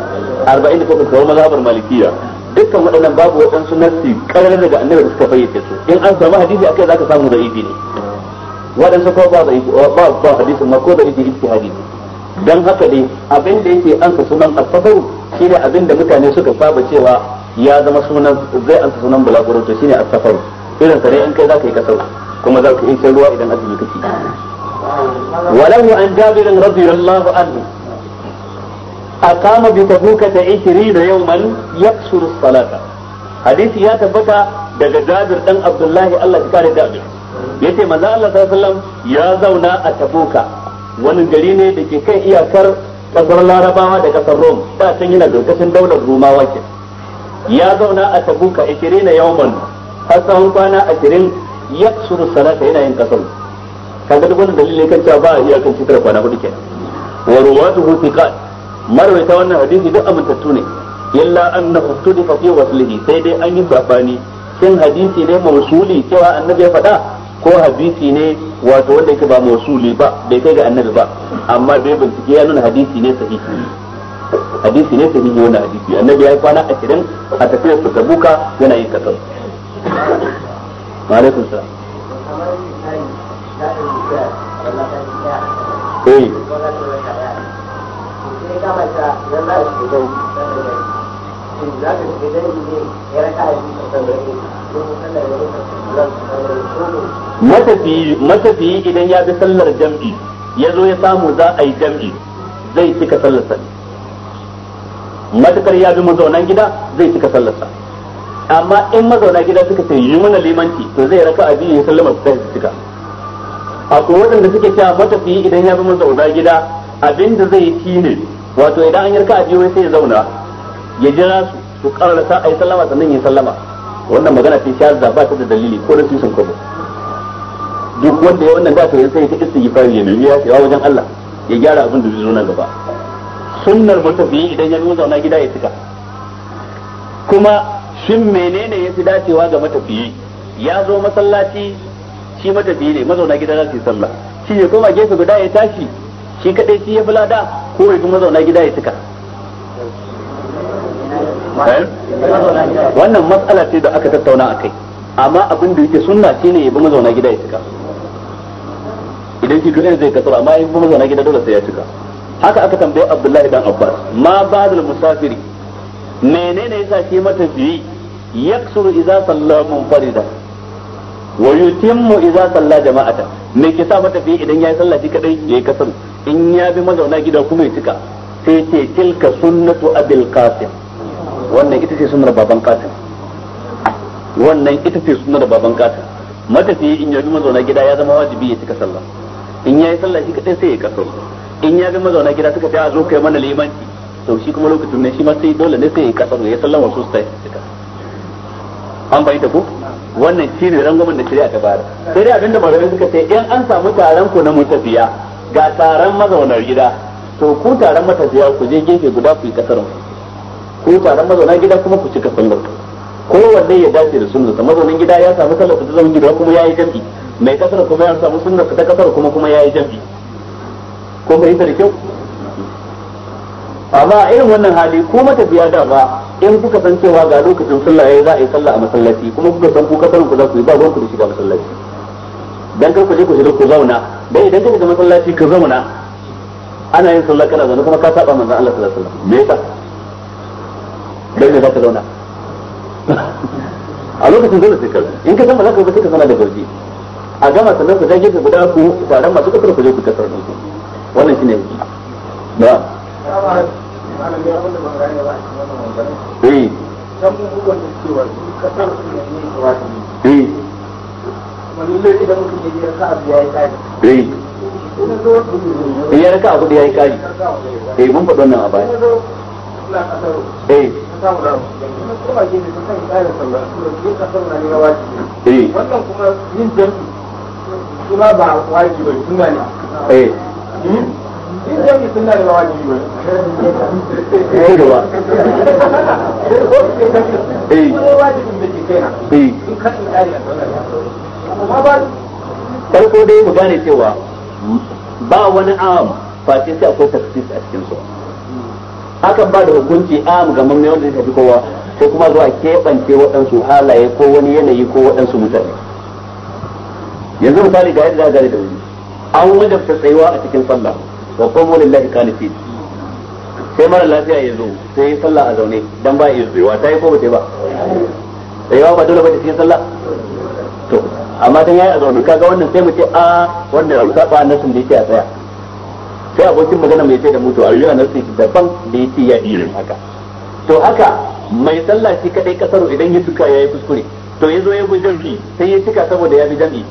arba'in da takwas kawai mazhabar malikiya dukkan waɗannan babu waɗansu nassi ƙarar daga annabi da suka fayyace su in an samu hadisi akai zaka samu da ne waɗansu ko ba ba ba hadisin ma ko da yake ijtihadi ne dan haka dai abin da yake ansa sunan at shi shine abin da mutane suka saba cewa ya zama sunan zai ansa sunan bulaguro to shine at-tafaru irin sare in kai zaka yi kasau kuma zaka yi ruwa idan azumi kake walahu an jabir radiyallahu anhu aqama bi tabuka ta da yawman yaksuru salata hadisi ya tabbata daga Jabir dan Abdullahi Allah ya kare Jabir yace manzo Allah sallallahu alaihi ya zauna a tabuka wani gari ne da ke kan iyakar kasar Larabawa da kasar Rom Ba can yana dokacin daular Rumawa ke ya zauna a tabuka 20 yawman har tsawon kwana 20 yaksuru salata yana yin kasar kaga duk wannan dalilin kan cewa ba a iya kan cikar kwana hudu kenan wa ruwatuhu thiqat marwaita wannan hadisi duk amintattu ne illa annahu tudifa fi waslihi sai dai an yi sabani kin hadisi ne mausuli cewa annabi ya faɗa ko hadisi ne wato wanda yake ba mausuli ba bai kai ga annabi ba amma bai bincike ya nuna hadisi ne sahihi hadisi ne sahihi wannan hadisi annabi ya yi a cikin a tafiyar su tabuka yana yin kasar alaikum salam eh matafiyi idan ya bi sallar jam'i ya zo ya samu za a yi jam'i zai cika sallarsa matakar ya bi mazaunan gida zai cika sallarsa amma in mazauna gida suka ce yi mana limanci to zai raka a biyu ya sallama su tashi cika akwai waɗanda suke cewa matafiyi idan ya bi mazauna gida abinda zai yi ne wato idan an yi aji wai sai ya zauna ya jira su su karasa ayi sallama sannan yin sallama wannan magana ce ta ba ta da dalili ko da sun kabo duk wanda ya wannan da to sai ta istighfari ya nemi ya cewa wajen Allah ya gyara abin da zai zo nan gaba sunnar mutafi idan ya zo zauna gida ya tuka kuma shin menene ya fi dacewa ga matafiyi ya zo masallaci shi matafiyi ne mazauna gida za su yi sallah shi ya koma gefe guda ya tashi shi kadai shi ya fi lada ko kuma mazauna gida ya cika eh? wannan matsala ce da aka tattauna a kai amma abin da yake sunna ne ya bi mazauna gida ya cika idan shi duniya zai kasar amma ya kuma zauna gida dole sai ya cika haka aka tambaye Abdullahi dan Abbas ma da musafiri menene yasa shi matafiyi yaksuru idza salla munfarida wa yutimmu idza salla jama'ata me ke sa matafiyi idan yayi sallah shi kadai yayi kasar in ya bi mazauna gida kuma ya cika sai ce tilka sunnatu abil qasim wannan ita ce sunnar baban qasim wannan ita ce sunnar baban qasim matafiyi in ya bi mazauna gida ya zama wajibi ya cika sallah in ya yi sallah shi kadai sai ya kaso in ya bi mazauna gida suka ce a zo kai mana limanci to shi kuma lokacin ne shi ma sai dole ne sai ya kaso ya sallama su sai an bayyana ko wannan shi ne rangwamen da shari'a ta bayar sai dai abinda malamai suka ce in an samu taron ku na mutafiya ga taron mazaunar gida to ku taron matafiya ku je gefe guda ku yi kasarin ku taron mazauna gida kuma ku cika sallar kowanne ya dace da sunnarsa mazaunin gida ya samu sallar ta zaman gida kuma ya yi jam'i mai kasar kuma ya samu sunnar ta kasar kuma kuma ya yi jam'i ko mai da kyau amma a irin wannan hali ko matafiya da ba in kuka san cewa ga lokacin sallah yayi za a yi sallah a masallaci kuma kuka san ku kasar ku za ku yi ba ku da shiga masallaci dan kar ku je ku shiga ku zauna dan idan ka shiga masallaci ka zauna ana yin sallah kana zauna kuma ka saba manzon Allah sallallahu alaihi wasallam me yasa dai ne za ka zauna a lokacin dole sai ka in ka san ba za ka ba sai ka zauna da gurbi a gama sannan ku dage guda ku taron masu kasar ku je ku kasar din wannan shine ba eh, eh. eh ya raka abu da yayi kari eh mun faɗi wannan a baya eh. eh wannan kuma yin jami'i kuma ba wajibi ba sunna ne eh hmm? yin jami'i sunna ne ba wajibi eh da ba eh wajibin da ke kaina eh in ka tsari farko dai mu gane cewa ba wani am face sai akwai taksis a cikin su hakan ba da hukunci am ga mamme wanda ya tafi kowa sai kuma zuwa keɓance waɗansu halaye ko wani yanayi ko waɗansu mutane yanzu misali ga yadda gare da wuri an wajabta tsayuwa a cikin sallah wa qumu lillahi qanitin sai mara lafiya ya zo sai yi sallah a zaune dan ba ya tsayuwa ta yi ko ba ta yi ba tsayuwa ba dole ba ta cikin sallah amma dan yayi a zaune kaga wannan sai mu ce a wannan saba na sun dace a tsaya sai abokin magana mai ce da mutu a yi a nasu daban da yake ya irin haka to haka mai sallah shi kadai kasar idan ya tuka yayi kuskure to yazo ya bi jami'i sai ya tuka saboda ya bi jami'i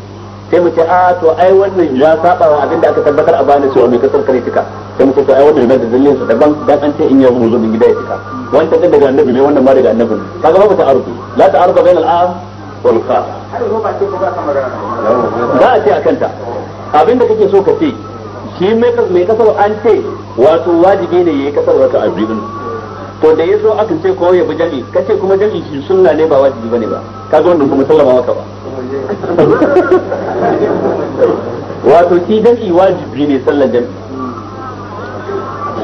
sai mu ce a to ai wannan ya saba wa abinda aka tabbatar a bani cewa mai kasar kare tuka sai mu ce to ai wannan da dalilin sa daban dan an ce in yau mu zo gida ya tuka wannan daga annabi ne wannan ma daga annabi kaga ta ta'arufi la ta'arufa bainal am والخاء za a ce a kanta abinda kake so ka ce shi mai kasar an ce wato wajibi ne ya yi kasar raka to da ya zo aka ce ko ya bi jami ka kuma jami shi sunna ne ba wajibi bane ba ka ga wannan kuma sallama maka ba wato shi jami wajibi ne sallar jami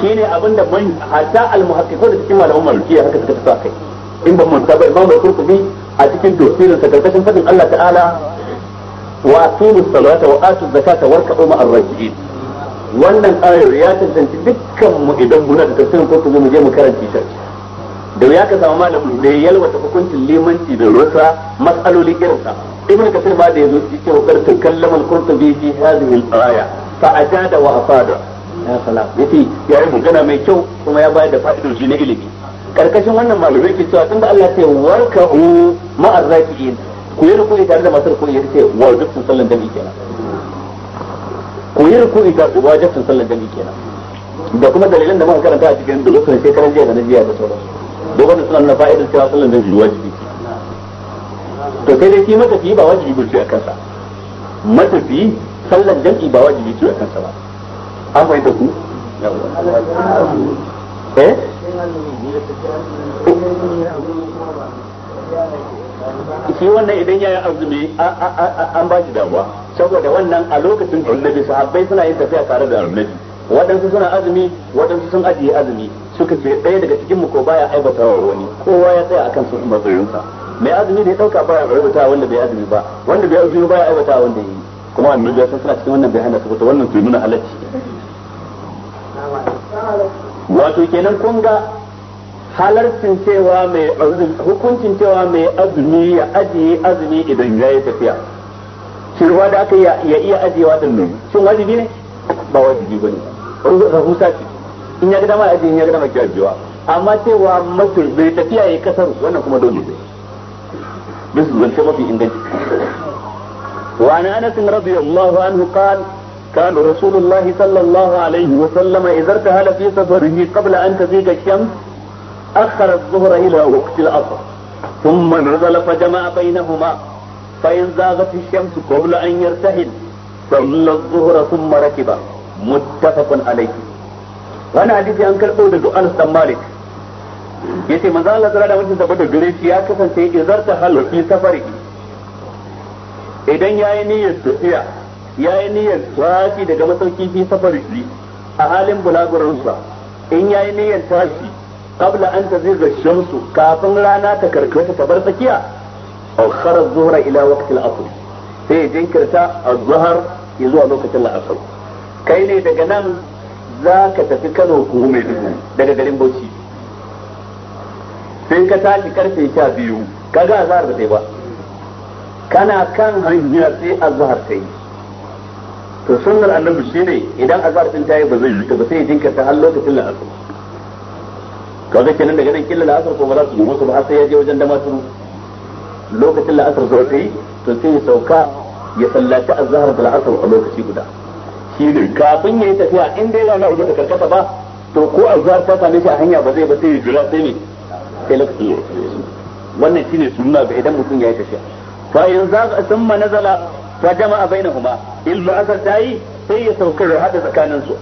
shine abinda man hatta al-muhaqqiqun cikin malaman malikiya haka suka tafi kai in ban manta ba imam al-qurtubi a cikin tafsirin sa karkashin fadin Allah ta'ala wa atimu salata wa atu zakata ma ma'ar rajiin wannan ayar ya tantance dukkan mu idan muna da tafsirin ko kuma mu je mu karanta shi da ya ka samu malamin da ya yalwata hukuncin limanci da rusa mas'aloli irinsa ibn kasir ma da yazo shi ce wa karta kallama al-qurtubi fi hadhihi al-aya fa ajada wa afada ya salam yace ya yi magana mai kyau kuma ya bayar da fa'idoji na ilimi karkashin wannan malamai ke cewa tunda Allah sai warka'u ma'ar raki'in ku yi ruku'i tare da masu ruku'i yace wajibtun sallan jami'i kenan ku yi ruku'i tare da wajibtun sallan jami'i kenan da kuma dalilan da muka karanta a cikin dukkan shekaran jiya da na jiya da sauransu duk wannan suna nuna fa'idar cewa sallan jami'i wajibi to sai dai shi matafiyi ba wajibi ba ce a kansa matafiyi sallan jami'i ba wajibi ce a kansa ba an fahimta ku Eh? shi wannan idan ya yi azumi an ba shi damuwa saboda wannan a lokacin annabi sahabbai suna yin tafiya tare da annabi waɗansu suna azumi waɗansu sun ajiye azumi suka ce ɗaya daga cikin mu ko baya aibata wa wani kowa ya tsaya akan sun mazarinsa mai azumi da ya ɗauka baya aibata wanda bai azumi ba wanda bai azumi baya aibata wanda yi kuma annabi ya san suna cikin wannan bai hana su wannan su na halacci wato kenan kun ga halarcin cewa mai hukuncin cewa mai azumi ya ajiye azumi idan ya yi tafiya shirwa da aka ya iya ajiyewa din mai shin wajibi ne ba wajibi ba ne rahusa ce in ya ga dama ajiye in ya ga dama ki ajiyewa amma cewa mafi bai tafiya ya kasar wannan kuma dole ne bisu zance mafi inganci wa ana anas radiyallahu anhu قال كان رسول الله صلى الله عليه وسلم إذا ارتهل في سفره قبل أن تزيغ الشمس أخر الظهر إلى وقت العصر ثم نزل فجمع بينهما فإن زاغت الشمس قبل أن يرتهل صلى الظهر ثم ركب متفق عليه wani hadisi an karɓo da du'an san malik yace manzo Allah tsara da mutum saboda gare shi ya kasance izarta halu fi safari idan yayi niyyar tafiya ya yi niyyar tashi daga masauki fi shi a halin bulagurinsa in ya yi niyyar tashi qabla an zirga shamsu kafin rana ta karkata ta bar tsakiya a kharar zuhra ila waqti al-asr sai jinkirta az-zuhr zuwa lokacin la'asar. kai ne daga nan za ka tafi Kano mai dubu daga garin Bauchi sai ka tashi karfe ga kaga azhar ba sai ba kana kan hanya sai azhar yi. to sunnar annabi shine idan azhar din tayi ba zai yi ba sai jinkirta har lokacin la'asar kaga kenan daga nan killa la'asar ko ba za su yi musu ba sai ya je wajen da masu lokacin la'asar zo sai to sai ya sauka ya sallaci azhar da la'asar a lokaci guda shine kafin ya yi tafiya in dai rana uku da karkata ba to ko azhar ta same shi a hanya ba zai ba sai ya jira sai ne sai lokacin wannan shine sunna ga idan mutum ya yi tafiya fa in za thumma nazala fa jama'a bainahuma in la'asar ta yi sai ya sauka ya hada tsakanin su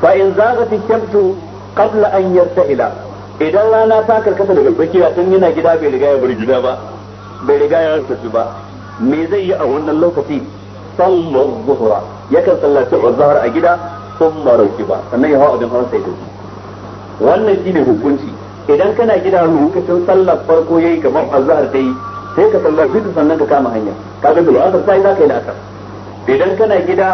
fa in zaghat ash-shamsu qabla an yartahila idan rana ta karkata daga tsakiya tun yana gida bai riga ya bar gida ba bai riga ya tafi ba me zai yi a wannan lokaci sallar zuhra yakan sallaci zuhar a gida sun marauki ba sannan ya hawa abin hawan sai tafi wannan shine hukunci idan kana gida lokacin sallar farko yayi kamar azhar ta yi sai ka sallar fitu sannan ka kama hanya ka ga bil azhar sai za ka yi asar idan kana gida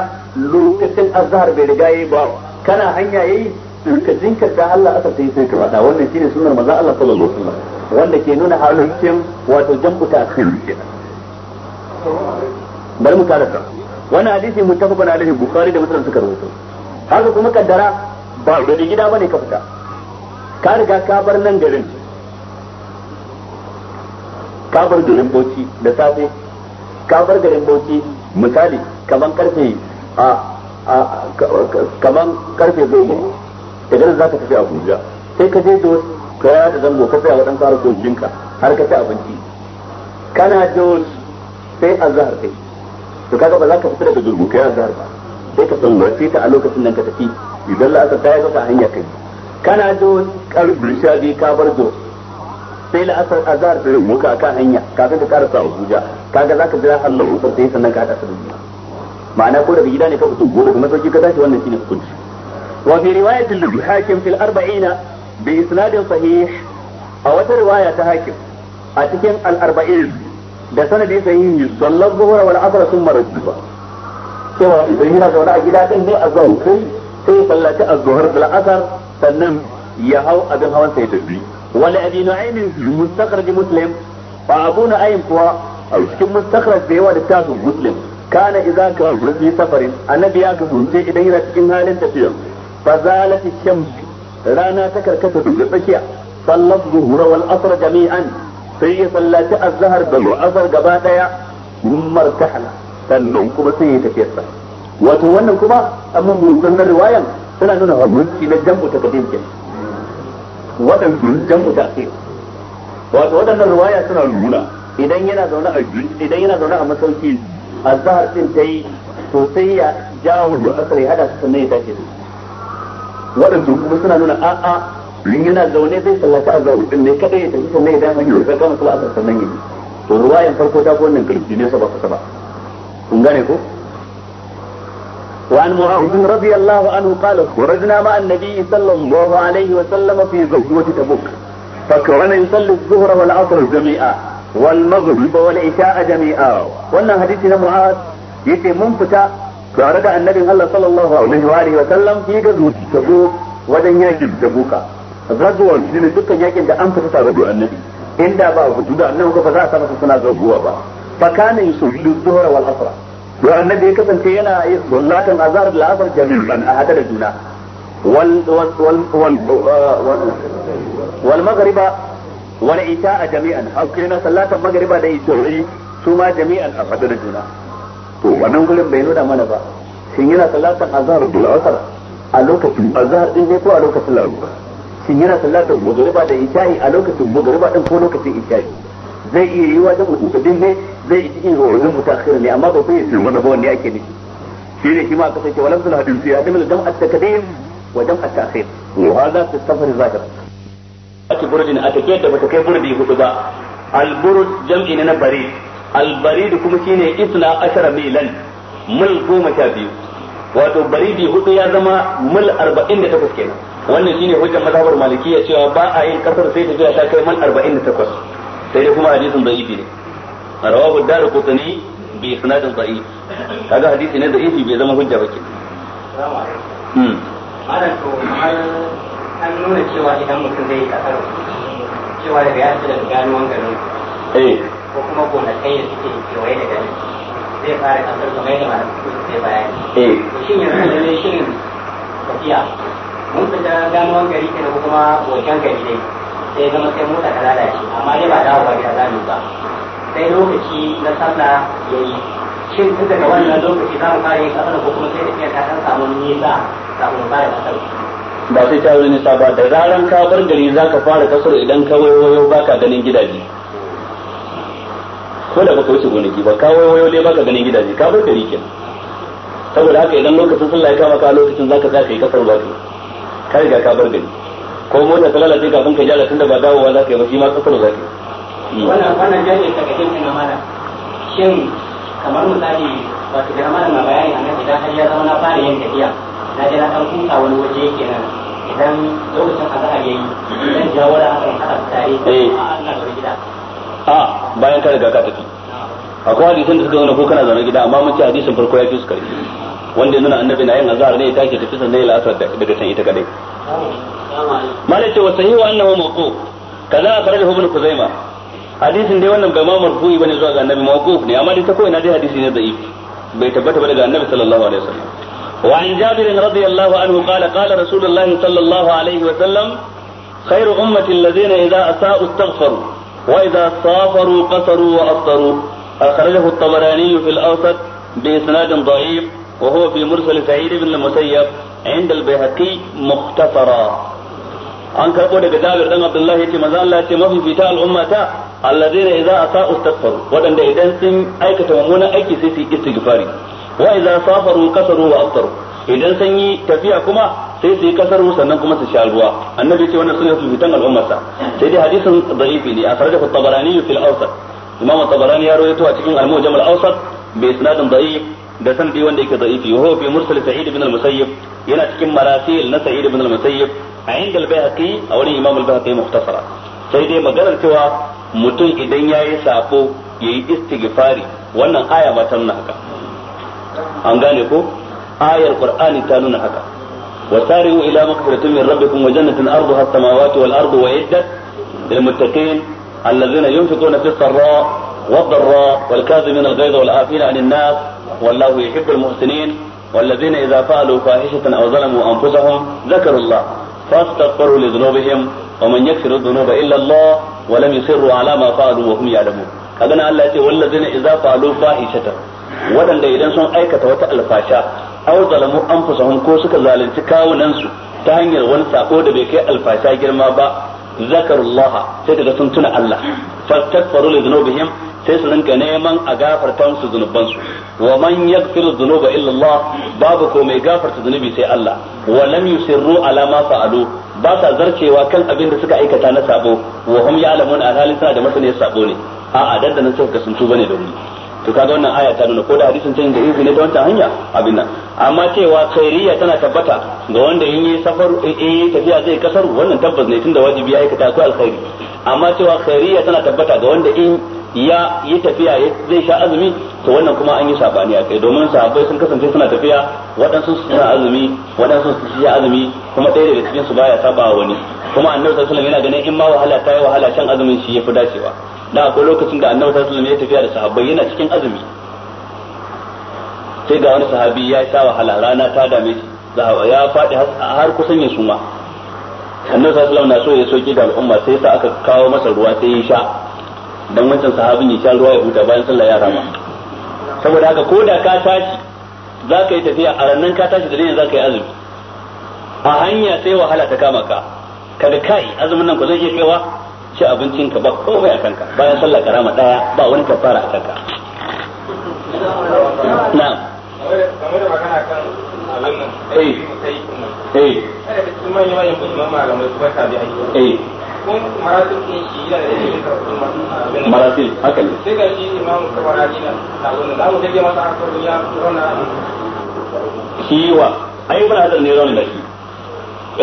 lokacin azhar bai riga yayi ba kana hanya yayi ka da Allah asar sai sai ka fada wannan shine sunnar manzo Allah sallallahu alaihi wasallam wanda ke nuna halaccin wato jam'u ta ta'khir bari mu karanta wannan hadisi muttafaqun alaihi bukhari da muslim suka rawaito haka kuma kaddara ba da gida bane ka fita ka riga ka bar nan garin Kabar garin bauchi da safe kabar garin bauchi misali kaman karfe a kaman karfe goma idan za ka tafi abuja sai ka je jos ka ya da zango ka tsaya waɗansu ka har ka ci abinci kana jos sai azhar kai to kaga ba za ka fita daga durgu kai azhar ba sai ka sai ta a lokacin nan ka tafi idan la'asar ta yi maka hanya kai kana jos kar birsha ka bar jos sai la asar azhar da muka akan hanya kafin ka karasa Abuja kaga zaka jira Allah ku sai sannan ka hada su da ma'ana ko daga gida ne ka fito gobe kuma sauki ka tashi wannan shine hukunci wa fi riwayat al-hakim fil 40 bi isnad sahih a wata riwaya ta hakim a cikin al-arba'in da sanadi sahihi sallallahu zuhra wal asr thumma rajula cewa idan yana zaune a gida din ne a zuwa sai sai sallaci az-zuhr da al sannan ya hau abin hawan sai tafi wala abi nu'aym mustakhraj muslim fa abu kuwa a cikin mustakhraj da yawa da tasu muslim kana idza ka rubi safarin annabi ya kasance idan yana cikin halin tafiya fa zalati shams rana ta karkata duk tsakiya sallat zuhura wal asr jami'an sai ya sallaci azhar da asr gaba daya yummar tahla sannan kuma sai ya tafi sa wato wannan kuma amma mun san riwayan tana nuna hukunci na jambu ta kadin kenan waɗansu jam'u ta wato waɗannan ruwaya suna nuna idan yana zaune a idan yana zaune a masauki azhar din tayi to sai ya jawo da asar hada su sannan ya tashi waɗansu kuma suna nuna a'a yana zaune zai sallata azhar din ne kada ya tafi sannan ya dawo yi sai kama sallar asar sannan ya to ruwayan farko ta wannan kirki ne saba saba kun gane ko وعن معاذ رضي الله عنه قال خرجنا مع النبي صلى الله عليه وسلم في غزوة تبوك فكان يصلي الظهر والعصر جميعا والمغرب والعشاء جميعا وانا حديثنا معاذ يتي منفتا فأرد النبي صلى الله عليه وآله وسلم في غزوة تبوك وجن يجب تبوكا غزوة لن تبقى يجب أن تفتا غزوة النبي إن دابا وجود أنه غزوة فكان يصلي الظهر والعصر to annabi ya kasance yana yi gullatan azhar da la'asar jami'an a hada da juna wal wal wal magriba wal a jami'an hakirina sallatan magariba da isha'i su ma jami'an a hada da juna to wannan gurin bai nuna mana ba shin yana sallatan a da la'asar a lokacin azhar din ne ko a lokacin la'asar shin yana sallatan magriba da isha'i a lokacin magriba din ko lokacin isha'i zai iya yi yiwa da mutaqaddim ne zai iya cikin wajen mutaakhir ne amma ba kai su wanda ba wanda ake nufi shi ne shi ma aka sace walam sul hadin sai adam dam at-taqdim wa dam at-ta'khir wa hada fi safar zahir ati burjin a take da bata kai burdi hudu ba al-burj jam'i ne na barid al-barid kuma shine isna ashara milan mil goma sha biyu wato baridi hudu ya zama mil arba'in da takwas kenan wannan shine hujjar mazhabar malikiya cewa ba a yin kasar sai tafiya ta kai mil arba'in da takwas sai dai kuma hadisin da'ifi ne rawahu daru qutni bi isnadin da'if kaga hadisi ne da'ifi bai zama hujja ba ke hmm ana to an nuna cewa idan mutum zai kasar cewa daga ya ci daga ganuwan garin eh ko kuma kai da suke kewaye da garin zai fara kasar kamar yadda malam kuka zai bayani eh shin yanzu da ne shirin tafiya mun fita ganuwan gari kenan ko kuma wajen gari dai sai zama sai mota ta lalace amma dai ba ba gida za mu ba sai lokaci na sallah ya yi shin tun daga wannan lokaci za mu fara yin kasar ko kuma sai tafiya ta kan samu nisa kafin mu fara kasar ba sai ta yi nisa ba da zaran ka bar gari za ka fara kasar idan ka wayo ba ka ganin gidaje ko da baka wuce gonaki ba ka wayo ne baka ganin gidaje ka bar gari kenan saboda haka idan lokacin sallah ya kama ka lokacin zaka ka kai kasar ba ka riga ka bar gari ko da kalala lalace kafin ka alatin da ba dawowa za ka yi ba shi ma kasar za ka yi hmm. wannan wannan jari ta kafin na mana shin kamar misali ba su jira mana bayani a nan idan har ya zama na fara yin tafiya na je na kan kusa wani waje kenan idan lokacin a yayi zan jawo da hakan haka tare a Allah da eh. gida a bayan ka riga ka tafi akwai hadisin da suka zauna ko kana zaune gida amma mun ce hadisin farko ya fi su kai. wanda ya nuna annabi na yin azhar ne ya tashi da sannan ya la'asar daga can ita kadai malai ce wa sahihu annahu mawquf kaza akhrajahu ibn kuzaima hadisin dai wannan bai ma marfu'i bane zuwa ga annabi mawquf ne amma dai ta ko na dai hadisi ne da'if bai tabbata ba daga annabi sallallahu alaihi wasallam wa an jabir radiyallahu anhu qala qala rasulullahi sallallahu alaihi wasallam خير أمة الذين إذا أساءوا استغفروا وإذا سافروا قصروا وأفطروا أخرجه الطبراني في الأوسط بإسناد ضعيف وهو في مرسل musayyaf بن المسيب عند البيهقي مختصرا an karbo daga Jabir dan Abdullah yace manzo Allah yace mafi fita al'umma ta alladheena idza asa'u istaghfaru wadanda idan sun aikata mummunan aiki sai su yi istighfari wa idza safaru kasaru wa idan sun tafiya kuma sai su yi kasaru sannan kuma su sha ruwa annabi ce wannan sunan fitan al'umma sa sai dai hadisin da'ifi ne a sarjahu tabarani fil awsat imam tabarani ya rawaito a cikin al-mujam al-awsat bi isnadin da san bi wanda yake da'ifi wa huwa fi mursal sa'id ibn al-musayyib yana cikin marasil na sa'id ibn al-musayyib a inda al-bayhaqi a wurin imam al-bayhaqi mukhtasara sai dai maganar cewa mutum idan yayi sako yayi istighfari wannan aya ba ta nuna haka an gane ko ayar qur'ani ta nuna haka وسارعوا إلى مغفرة من ربكم وجنة أرضها السماوات والأرض وعدت للمتقين الذين ينفقون في السراء والضراء والكاظمين الغيظ والعافين عن الناس والله يحب المحسنين والذين إذا فعلوا فاحشة أو ظلموا أنفسهم ذكروا الله فاستغفروا لذنوبهم ومن يكفر الذنوب إلا الله ولم يصروا على ما فعلوا وهم يعلمون أبنى الله يقول والذين إذا فعلوا فاحشة ودن دا إذا سن أيكة الفاشا أو ظلموا أنفسهم كوسك ذالين تكاو ننسو تهنجر ونسا قود بيكي الفاشا جرما با ذكروا الله سيدة سنتنا الله فاستغفروا لذنوبهم sai su rinka neman a gafarta su zunuban su wa man yaghfiru dhunuba illa Allah babu ko mai gafarta zunubi sai Allah wa lam yusirru ala ma fa'alu ba sa zarcewa kan abin da suka aikata na sabo wa hum ya'lamun alhalin suna da ya sabo ne a'a dandanan sun tuba ne da wuri to kaga wannan aya ta nuna ko da hadisin can da izini ta wancan hanya abin nan amma cewa khairiyya tana tabbata ga wanda in yi safar eh tafiya zai kasar wannan tabbas ne tunda wajibi ya aikata ko alkhairi amma cewa khairiyya tana tabbata ga wanda in ya yi tafiya zai sha azumi to wannan kuma an yi sabani a kai domin sahabbai sun kasance suna tafiya waɗansu suna azumi waɗansu su sha azumi kuma ɗaya daga cikin su baya saba wani kuma annabi sallallahu alaihi wasallam yana ganin in ma wahala ta yi wahala shan azumin shi yafi dacewa da akwai lokacin da annabi sallallahu alaihi wasallam ya tafiya da sahabbai yana cikin azumi sai ga wani sahabi ya sha wahala rana ta dame shi ya faɗi har kusan ya suma annabi sallallahu alaihi wasallam na so ya soki da al'umma sai sa aka kawo masa ruwa sai ya sha dan wancan sahabin ya sha ruwa ya huta bayan sallah ya rama saboda haka ko da ka tashi za ka yi tafiya a rannan ka tashi da za ka yi azumi a hanya sai wahala ta kama ka kada kai azumin nan ko zai iya kaiwa ci abincin ka ba komai a kanka bayan sallah karama daya ba wani kafara a kanka na'am kamar da magana kan abin nan eh eh kun shi maratil haka ne sai ga shi imamu kamarani na wannan za mu dage masa akwai ya rona shi wa ai ibn hazar ne rona shi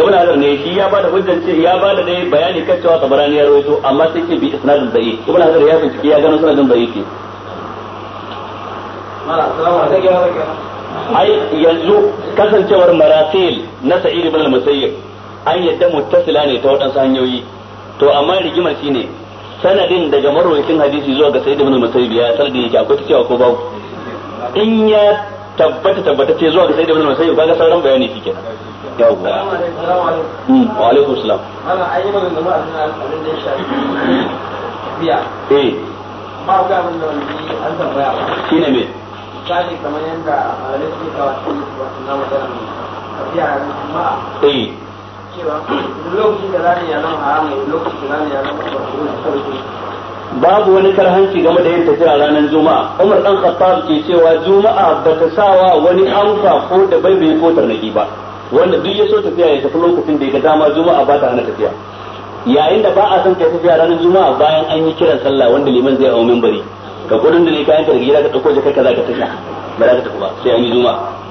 ibn hazar ne shi ya bada hujjan ce ya bada ne bayani kan cewa tabarani ya rawaito amma sai ke bi isnadin da'i ibn hazar ya bincike ya gano sanadin da'i ke mala assalamu alaikum ai yanzu kasancewar maratil na sa'id ibn al-musayyib an yadda muttasila ne ta waɗansu hanyoyi to amma rigimar ne sanadin daga marwayin hadisi zuwa ga sayyid ibn musayyib ya sanadin yake akwai cewa ko babu in ya tabbata tabbata ce zuwa ga sayyid ibn musayyib kaga sauran bayani shike yawa hmm, wa alaikum salam ana ayyuka da ba abin da ya shafi biya eh ba ga abin da wani an tambaya shine me misali kamar yanda a rikita wa cikin wannan magana biya ma. eh babu wani karhanci game da yin tafiya ranar juma'a umar dan khattab ke cewa juma'a ba ta sawa wani amsa ko da bai bai ko tarnaki ba wanda duk ya so tafiya ya tafi lokacin da ya ga dama juma'a ba ta hana tafiya yayin da ba a son kai tafiya ranar juma'a bayan an yi kiran sallah wanda liman zai hawo minbari ka gudun da ne kayan ka gida ka dauko jaka kaza ka tafi ba za ka tafi ba sai an yi juma'a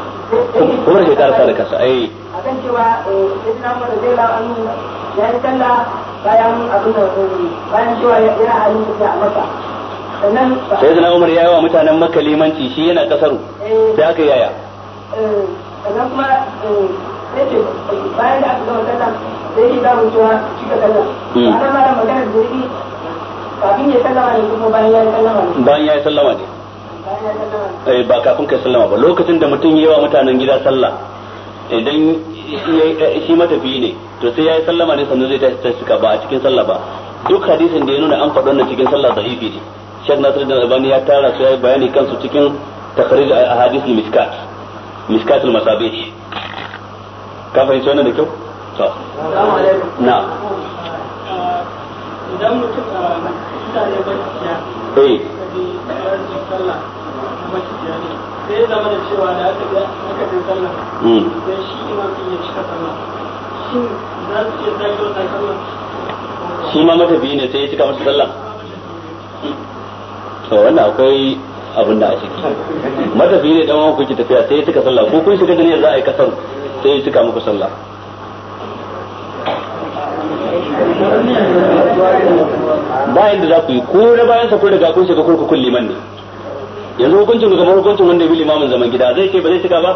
kuma da karasa da kasa ai akan cewa eh, sayyidina Umar ya yi bayan abin da eh, bayan cewa yana halin da a masa Umar ya yi wa mutanen limanci shi yana kasaru sai eh. aka yaya sannan kuma sai ce bayan da aka gama sallah sai shi zamu cewa cika sallah hmm. ana da magana da zuri kafin ya sallama ne kuma bayan ya sallama ne bayan ya sallama ne bayan ya sallama Eh, ba kafin kai sallama ba lokacin da mutum yawa mutanen gida sallah idan eh, shi matafi ne to sai ya yi sallama ne sannan zai ta tashi ba a cikin sallah ba duk hadisin da ya nuna an faɗo na cikin sallah da ifi ne shek nasir da albani ya tara su ya yi bayani kansu cikin takhrij a hadisul miskat miskatul masabih ka fahimci wannan da kyau to na idan mutum eh, mutane ba su ya eh sai ne sai cika masa sallah wannan akwai abin a ciki biyu ne dan wani kuke tafiya sai cika sallah ko kun shiga da za a kasar sai cika muku sallah bayan da za ku yi ko na bayan sa kun daga kun shiga kurkukun liman ne yanzu hukuncin ku kamar hukuncin wanda ya bi limamin zaman gida zai ce ba zai cika ba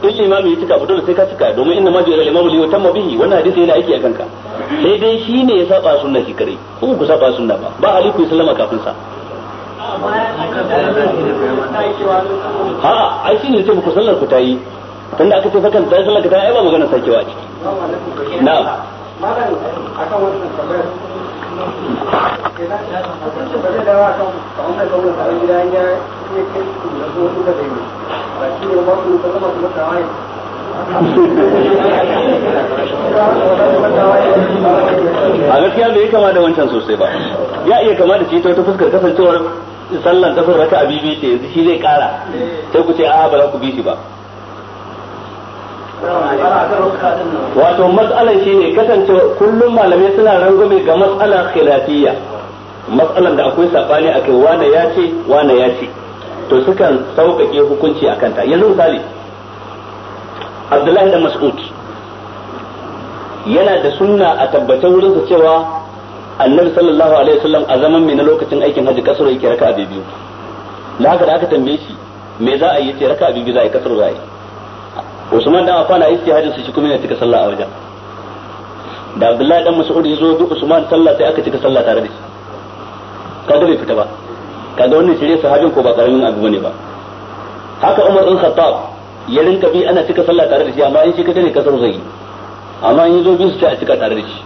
in limami ya cika ba dole sai ka cika domin inna ma jira limamu liwa tamma bihi wannan hadisi yana aiki a kanka sai dai shi ne ya saba sunna shi kare ko ku saba sunna ba ba ali ku sallama kafin sa ha ai shine ce ku sallar ku tayi tunda aka ce fakan tayi sallar ka tayi ai ba magana sakewa a ciki na'am malam akan wannan a gaskiya bai kama da wancan sosai ba ya iya kama da cito ta fuskar kasancewar sallan tafiyar raka a bibi ce yanzu shi zai kara sai ku ce a ba za ku bi shi ba wato matsalan shi ne kasance kullum malamai suna rangume ga matsalan khilafiyya matsalan da akwai sabani akai wane ya ce wane ya ce to sukan sauƙaƙe hukunci a kanta yanzu misali abdullahi da mas'ud yana da sunna a tabbatar sa cewa annabi sallallahu alaihi wasallam a zaman mai na lokacin aikin hajji kasar yake raka a biyu da haka da aka tambaye shi me za a yi ce raka a biyu za a yi kasar za a yi Usman dan Affan yake istihadin su shi kuma yana cika sallah a wajen da Abdullahi dan Mas'ud ya zo bi Usman sallah sai aka cika sallah tare da shi kaga bai fita ba kaga wannan shirye sahabin ko ba karamin abu bane ba haka Umar bin Khattab ya rinka bi ana cika sallah tare da shi amma in shi kaje ne kasar zai amma in zo bi su sai a cika tare da shi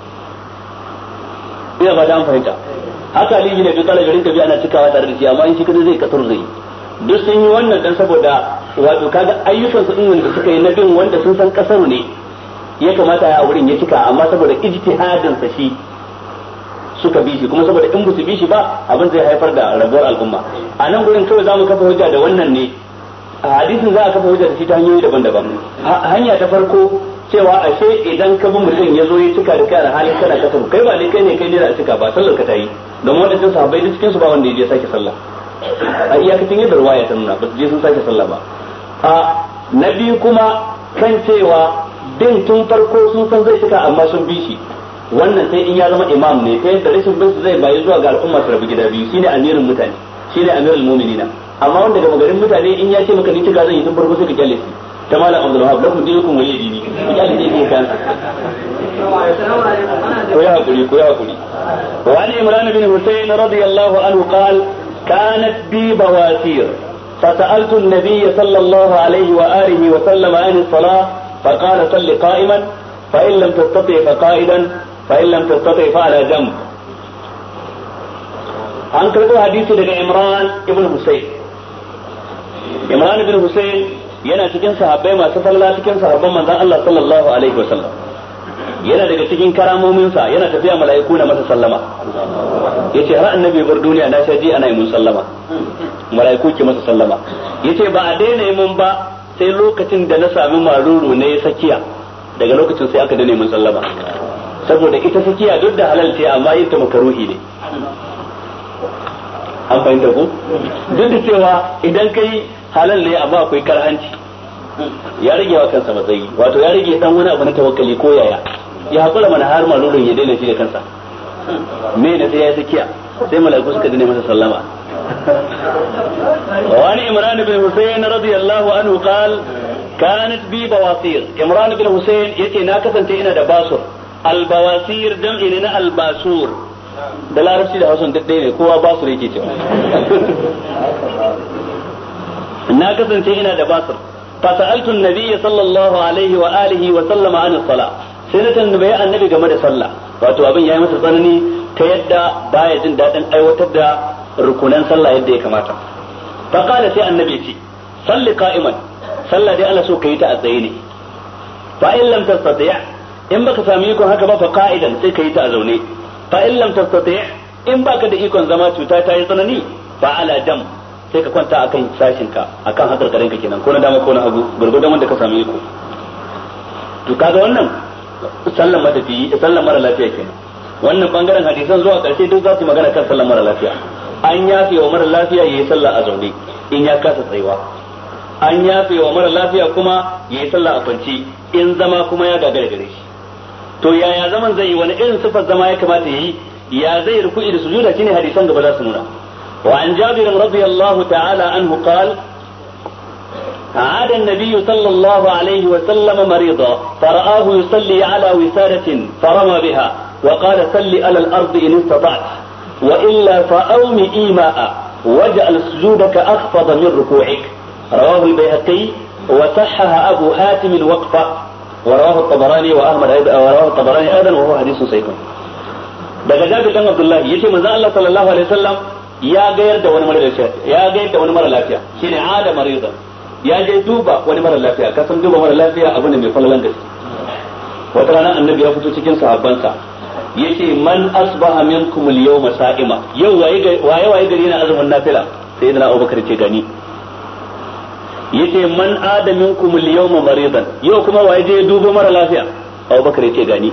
ina ba da an fahimta haka Ali bin Abi Talib ya rinka bi ana cikawa tare da shi amma in shi kaje zai kasar zai duk sun yi wannan dan saboda wato kaga ayyukan su din da suka yi na bin wanda sun san kasar ne ya kamata ya wurin ya cika amma saboda ijtihadin sa shi suka bi shi kuma saboda in ba su bi shi ba abin zai haifar da rabuwar al'umma a nan gurin kawai zamu kafa hujja da wannan ne a hadisin za a kafa hujja da shi ta hanyoyi daban-daban hanya ta farko cewa ashe idan ka bi mutum ya zo ya cika da kayan halin kana kasar kai ba ne kai ne kai ne da cika ba sallar ka ta yi don wadancan sahabbai duk cikin su ba wanda ya je sake sallah a iyakacin yadda ruwaya ya nuna ba su je sun sake sallah ba a na biyu kuma kan cewa din tun farko sun san zai cika amma sun bi shi wannan sai in ya zama imam ne ta yadda rashin bin zai bayi zuwa ga al'umma su rabu gida biyu shine amirin mutane shine amirul mu'minina amma wanda daga garin mutane in ya ce maka ni cika zan yi tun farko sai ka kyalle shi ta malam abdul wahab lakum dinukum waliy dini kyalle ne ke kan ko ya hakuri ko ya hakuri wa ali imran bin husayn radiyallahu anhu qala كانت بي بواسير فسألت النبي صلى الله عليه وآله وسلم عن الصلاة فقال صل قائما فإن لم تستطع فقائدا فإن لم تستطع فعلى جنب an karɓo hadisi daga Imran ibn Hussein Imran ibn Hussein yana cikin sahabbai masu falla cikin sahabban manzon Allah sallallahu alaihi wasallam yana daga cikin karamominsa yana tafiya mala'iku na masa sallama yace har annabi bar duniya na shaji ana yi mun sallama mala'iku ke masa sallama yace ba a daina mun ba sai lokacin da na sami maruru ne sakiya daga lokacin sai aka daina mun sallama saboda ita sakiya duk da halal ce amma yin ta makaruhi ne an fahimta ku duk da cewa idan kai halal ne amma akwai karhanci ya rage wa kansa matsayi wato ya rage dan wani abu na tawakkali ko yaya ya kula mana har marurin ya daina shi da kansa me ne sai ya sakiya sai mala'iku suka dane masa sallama Imran وعن عمران بن حسين رضي الله عنه قال كانت بي بواصير عمران بن حسين يتي ناكسن تينا دا باسور البواسير جمع al basur da larabci da hausa duk ne kowa basur yake cewa na kasance ina da basur sa'altu an-nabiy sallallahu alaihi wa alihi wa sallama an as salat sai na tambayi annabi game da sallah wato abin ya yi masa tsanani ta yadda baya jin daɗin aiwatar da rukunan sallah yadda ya kamata fa qala sai annabi ce salli qa'iman sallah dai Allah so kai ta a tsaye ne fa in lam tastati' in baka sami ikon haka ba fa qa'idan sai kai ta a zaune fa in lam tastati' in baka da ikon zama cuta ta yi tsanani fa ala dam sai ka kwanta akan sashinka akan garin ka kenan ko na dama ko na hagu gurgurdan wanda ka sami iko to kaga wannan sallan matafiyi sallan mara lafiya kenan wannan bangaren hadisan zuwa karshe duk za su magana kan sallan mara lafiya an yafe wa mara lafiya yayi sallah a zaune in ya kasa tsayuwa an yafe wa mara lafiya kuma yayi sallah a kwanci in zama kuma ya gagara gare shi to yaya zaman zai yi wani irin sifar zama ya kamata yi ya zai ruku'i da sujuda shine hadisan gaba za su nuna wa an jabir radiyallahu ta'ala anhu qala عاد النبي صلى الله عليه وسلم مريضا فرآه يصلي على وسارة فرمى بها وقال صل على الأرض إن استطعت وإلا فأوم إيماء واجعل سجودك أخفض من ركوعك رواه البيهقي وصحها أبو حاتم الوقفة ورواه الطبراني وأحمد أيضا ورواه الطبراني أيضا وهو حديث صحيح daga Jabir dan Abdullahi yace manzo Allah sallallahu alaihi wasallam ya gayar da wani mara lafiya ya gayar da wani mara lafiya shine ada maridan ya je duba wani mara lafiya ka san duba mara lafiya abu ne mai falalan gaske wata rana annabi ya fito cikin sahabbansa yake man asbaha minkum al-yawma sa'ima yau waye waye gari na azumin nafila sai da Abubakar ce gani yake man adamin kumul yawma maridan yau kuma waye je duba mara lafiya Abu Bakar yace gani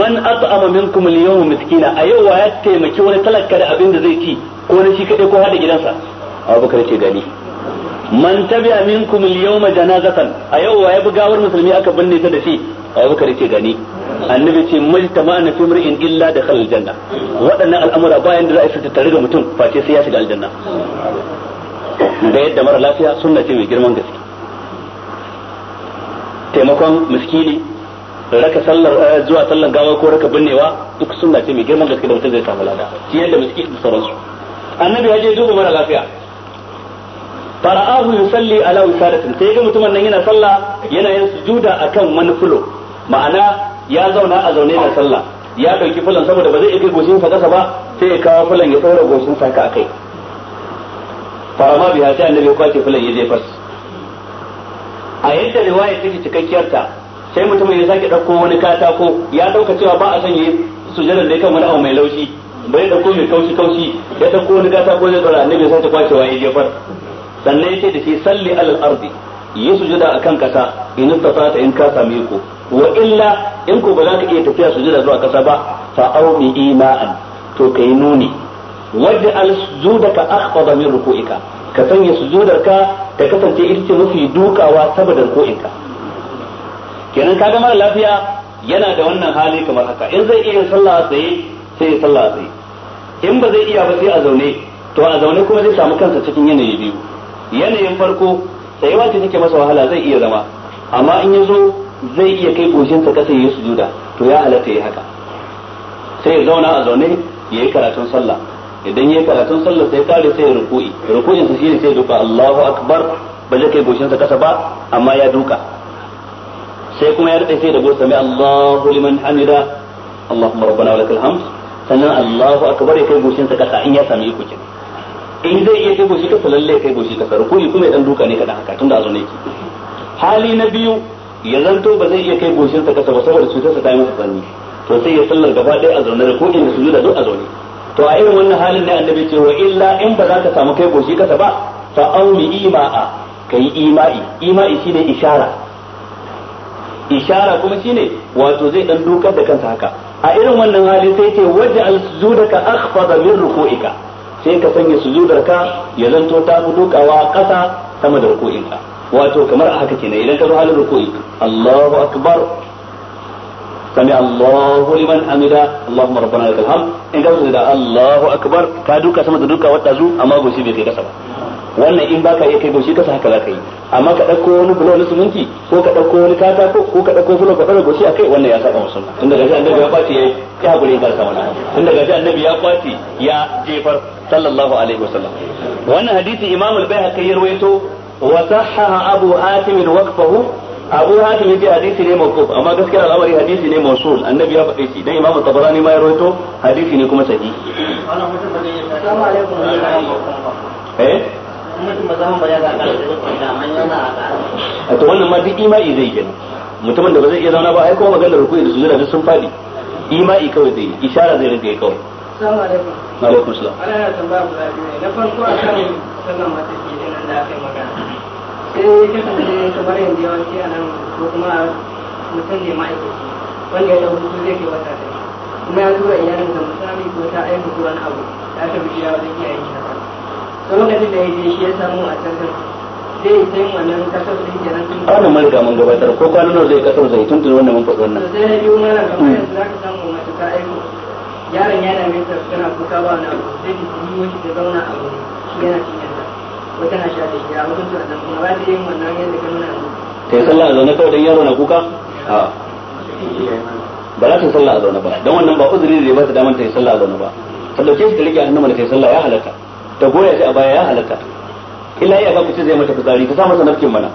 man at'ama minkum al yawma miskina a yau waye taimaki wani talaka da abin da zai ci ko na shi kadai ko hada gidansa Abu Bakar yace gani man tabi'a minkum al-yawma janazatan a wa waye gawar musulmi aka binne ta da shi baka rike gani annabi ce majtama na fi mar'in illa da khalal janna wadannan al'amura bayan da za a su tare da mutum face sai ya shiga aljanna da yadda mara lafiya sunna ce mai girman gaske taimakon miskini raka sallar eh, zuwa sallar gawa ko raka binnewa duk sunna ce mai girman gaske da mutum zai samu lada ciyar yadda miskini da sauransu annabi ya je duba mara lafiya fara'ahu yusalli ala wisadatin sai ga mutumin nan yana sallah yana yin sujuda akan wani fulo ma'ana ya zauna a zaune na sallah ya dauki fulan saboda ba zai iya goshin sa kasa ba sai ya kawo fulan ya tsora goshin sa ka fara farama biya sai annabi ya kwace fulan ya je fas a yadda riwaya take cikakkiyar ta sai mutumin ya sake dauko wani katako ya dauka cewa ba a son yi sujudar da kan wani abu mai laushi bai dauko mai kaushi kaushi ya dauko wani katako zai tsora annabi sai ta kwace wa ya je fas sannan yake da shi salli alal ardi yi sujuda akan kasa in ta in ka same ku wa illa in ko ba za ka iya tafiya sujuda zuwa kasa ba fa aumi ima'an to kai nuni wadda al sujudaka akhfada min ruku'ika ka sanya sujudarka ta kasance ita ce mafi dukawa saboda ruku'inka kenan ka ga mara lafiya yana da wannan hali kamar haka in zai iya sallah tsaye sai ya sallah tsaye in ba zai iya ba sai a zaune to a zaune kuma zai samu kansa cikin yanayi biyu yanayin farko sai ce take masa wahala zai iya zama amma in yazo zai iya kai goshinsa kasa ya sujuda to ya halatta ya haka sai ya zauna a zaune ya yi karatun sallah idan ya yi karatun sallah sai kare sai ya ruku'i ruku'in sa shine sai duka Allahu akbar ba zai kai goshinsa kasa ba amma ya duka sai kuma ya rike sai da gosa mai Allahu liman hamida Allahumma rabbana wa lakal hamd sannan Allahu akbar ya kai goshinsa kasa in ya sami iko kenan in zai iya kai goshi kasa lalle kai goshi kasa yi kuma idan dan duka ne kadan haka tunda a ne ki hali na biyu ya zanto ba zai iya kai goshin ta kasa ba saboda cutarsa ta yi masa tsanani to sai ya sallar gaba ɗaya a zaune da ko inda sujuda duk a zaune to a irin wannan halin ne annabi ce wa illa in ba za ka samu kai goshi kasa ba fa aumi ima'a kai ima'i ima'i shine ishara ishara kuma shine wato zai dan dukar da kansa haka a irin wannan hali sai ce waj'al sujudaka akhfada min ruku'ika sai ka sanya sujudar ka ya zanto ta fi dukawa ƙasa sama da ruku'in ka wato kamar a haka kenan idan ka zo halin ruku'i Allahu akbar sami Allahu liman amida Allahumma rabbana lakal hamd in ka zo da Allahu akbar ka duka sama da duka wata zu amma goshi bai kai kasa ba wannan in baka iya kai shi kasa haka ka yi amma ka dauko wani bulo na suminti ko ka dauko wani katako ko ka dauko bulo ka dora goshi akai wannan ya saba wa sunna tun daga shi annabi ya kwace ya ya gure ba sa wannan tun daga shi annabi ya kwace ya jefar sallallahu alaihi wasallam wannan hadisi imamu al-baihaqi ya rawaito wa sahaha abu hatim waqfahu abu hatim ji hadisi ne mawquf amma gaskiya al'amari hadisi ne mawsul annabi ya faɗe shi dan imamu tabarani ma ya rawaito hadisi ne kuma sahihi eh a to wannan ma duk imai zai yi mutumin da ba zai iya zauna ba ai kuma maganar rukuyi da sujuda duk sun fadi imai kawai zai yi isharar zai rinka yi kawai assalamu alaikum alaikum salam ana yana tambaya ku biyu ne na farko kan sallan mata ke nan da aka yi magana sai ya kasance kamar yanzu yawanci a nan ko kuma mutum ne ma'aikaci wanda ya dauki hutu zai ke wata ɗaya kuma ya zuwa iyalin da misali ko ta aika ko wani abu ta tafi gida wajen iyayen shi to lokacin da ya je shi ya samu a can zai sai wannan kasar din kenan tun ba mun riga mun gabatar ko kwanan nawa zai kasar zai tun tun wannan mun faɗi wannan sai na biyu mana kamar hmm. yanzu zaka samu mata ta aiko yaron yana mai ta tana kuka ba na sai ki yi wani da zauna a wuri shi yana cikin ta ko tana sha da shi a wurin a da kuma ba ta yi wannan yadda ka nuna ta yi sallah a zaune kawai don yaro na kuka a ba za ta yi sallah a zaune ba don wannan ba uzuri ne ba ta damar ta yi sallah a zaune ba ta ɗauke shi ta rike annabi mana ta yi sallah ya halatta ta goya shi a baya ya halatta illa ya ga mutum zai mata fitsari ta sa masa nafkin mana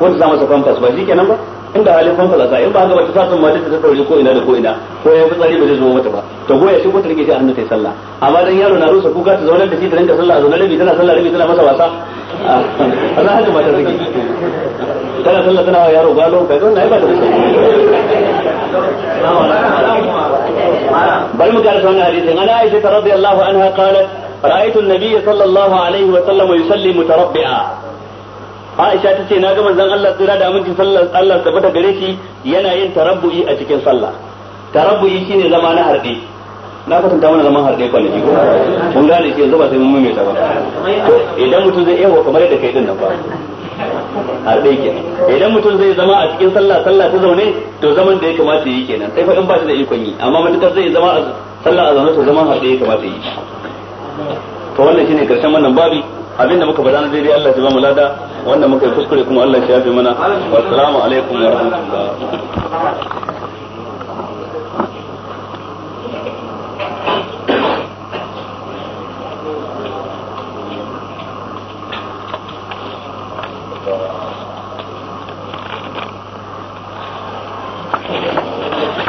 ko ta sa masa famfas ba shikenan ba inda halin famfas a sa in ba haka ba ta sa sun ma ta tauri ko ina da ko ina ko ya fitsari ba zai zo mata ba ta goya shi ko ta rike shi a hannu tai sallah amma dan yaro na rusa kuka ta zaunar da shi ta rinka sallah a zaunar da tana sallah rabi tana masa wasa ah, a za haka ba ta rike tana sallah tana wa yaro galo kai don na yi ba ta bal mu karanta wannan hadisin ana aisha radiyallahu anha qalat ra'aytu an-nabiy sallallahu alaihi wa sallam yusalli mutarabbi'a Aisha tace na ga manzon Allah tsira da aminci sallar Allah tabbata gare shi yana yin tarabbu'i a cikin sallah tarabbu'i shine zama na harbe na kwatanta mana zaman harbe kwanaki ko mun gane shi yanzu ba sai mun maimaita ba to idan mutum zai yawa kamar yadda kai din nan ba harbe kenan idan mutum zai zama a cikin sallah sallah ta zaune to zaman da ya kamata yi kenan sai fa in ba shi da ikon yi amma matukar zai zama a sallah a zaune to zaman harbe ya kamata yi to wannan shine karshen wannan babi abinda muka faɗa na daidai Allah ya ba mu lada wanda muka yi kuskure kuma Allah ya shafe mana wa assalamu alaikum wa rahmatullah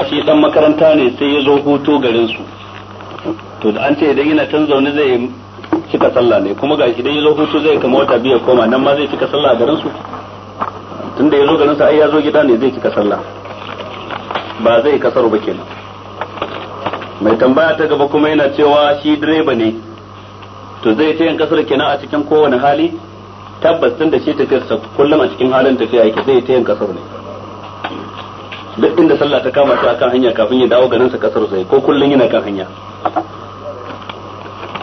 shi dan makaranta ne sai ya zo garin garinsu to da an ce idan yana can zaune zai cika sallah ne kuma ga idan ya zo hutu zai kama wata biyu koma nan ma zai cika sallah a garin su tunda ya zo garin sa ai ya zo gida ne zai cika sallah ba zai kasar ba kenan mai tambaya ta gaba kuma yana cewa shi direba ne to zai ta yin kasar kenan a cikin kowane hali tabbas tun da shi sa kullum a cikin halin tafiya yake zai ta yin kasar ne duk inda sallah ta kama a akan hanya kafin ya dawo garin sa kasar sai ko kullum yana kan hanya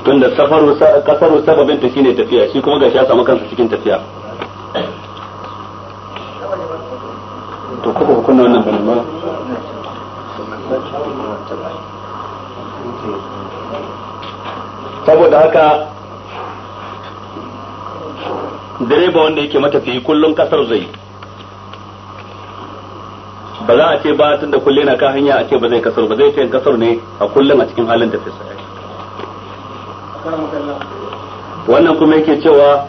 tunda safaru kasaru sababin ta shine tafiya shi kuma gashi ya samu kansa cikin tafiya to kuma kunna wannan bane ba saboda haka direba wanda yake matafiyi kullum kasar zai ba za a ce ba tunda kulle na kan hanya a ce ba zai kasar ba zai ce kasar ne a kullum a cikin halin tafiyarsa wannan kuma yake cewa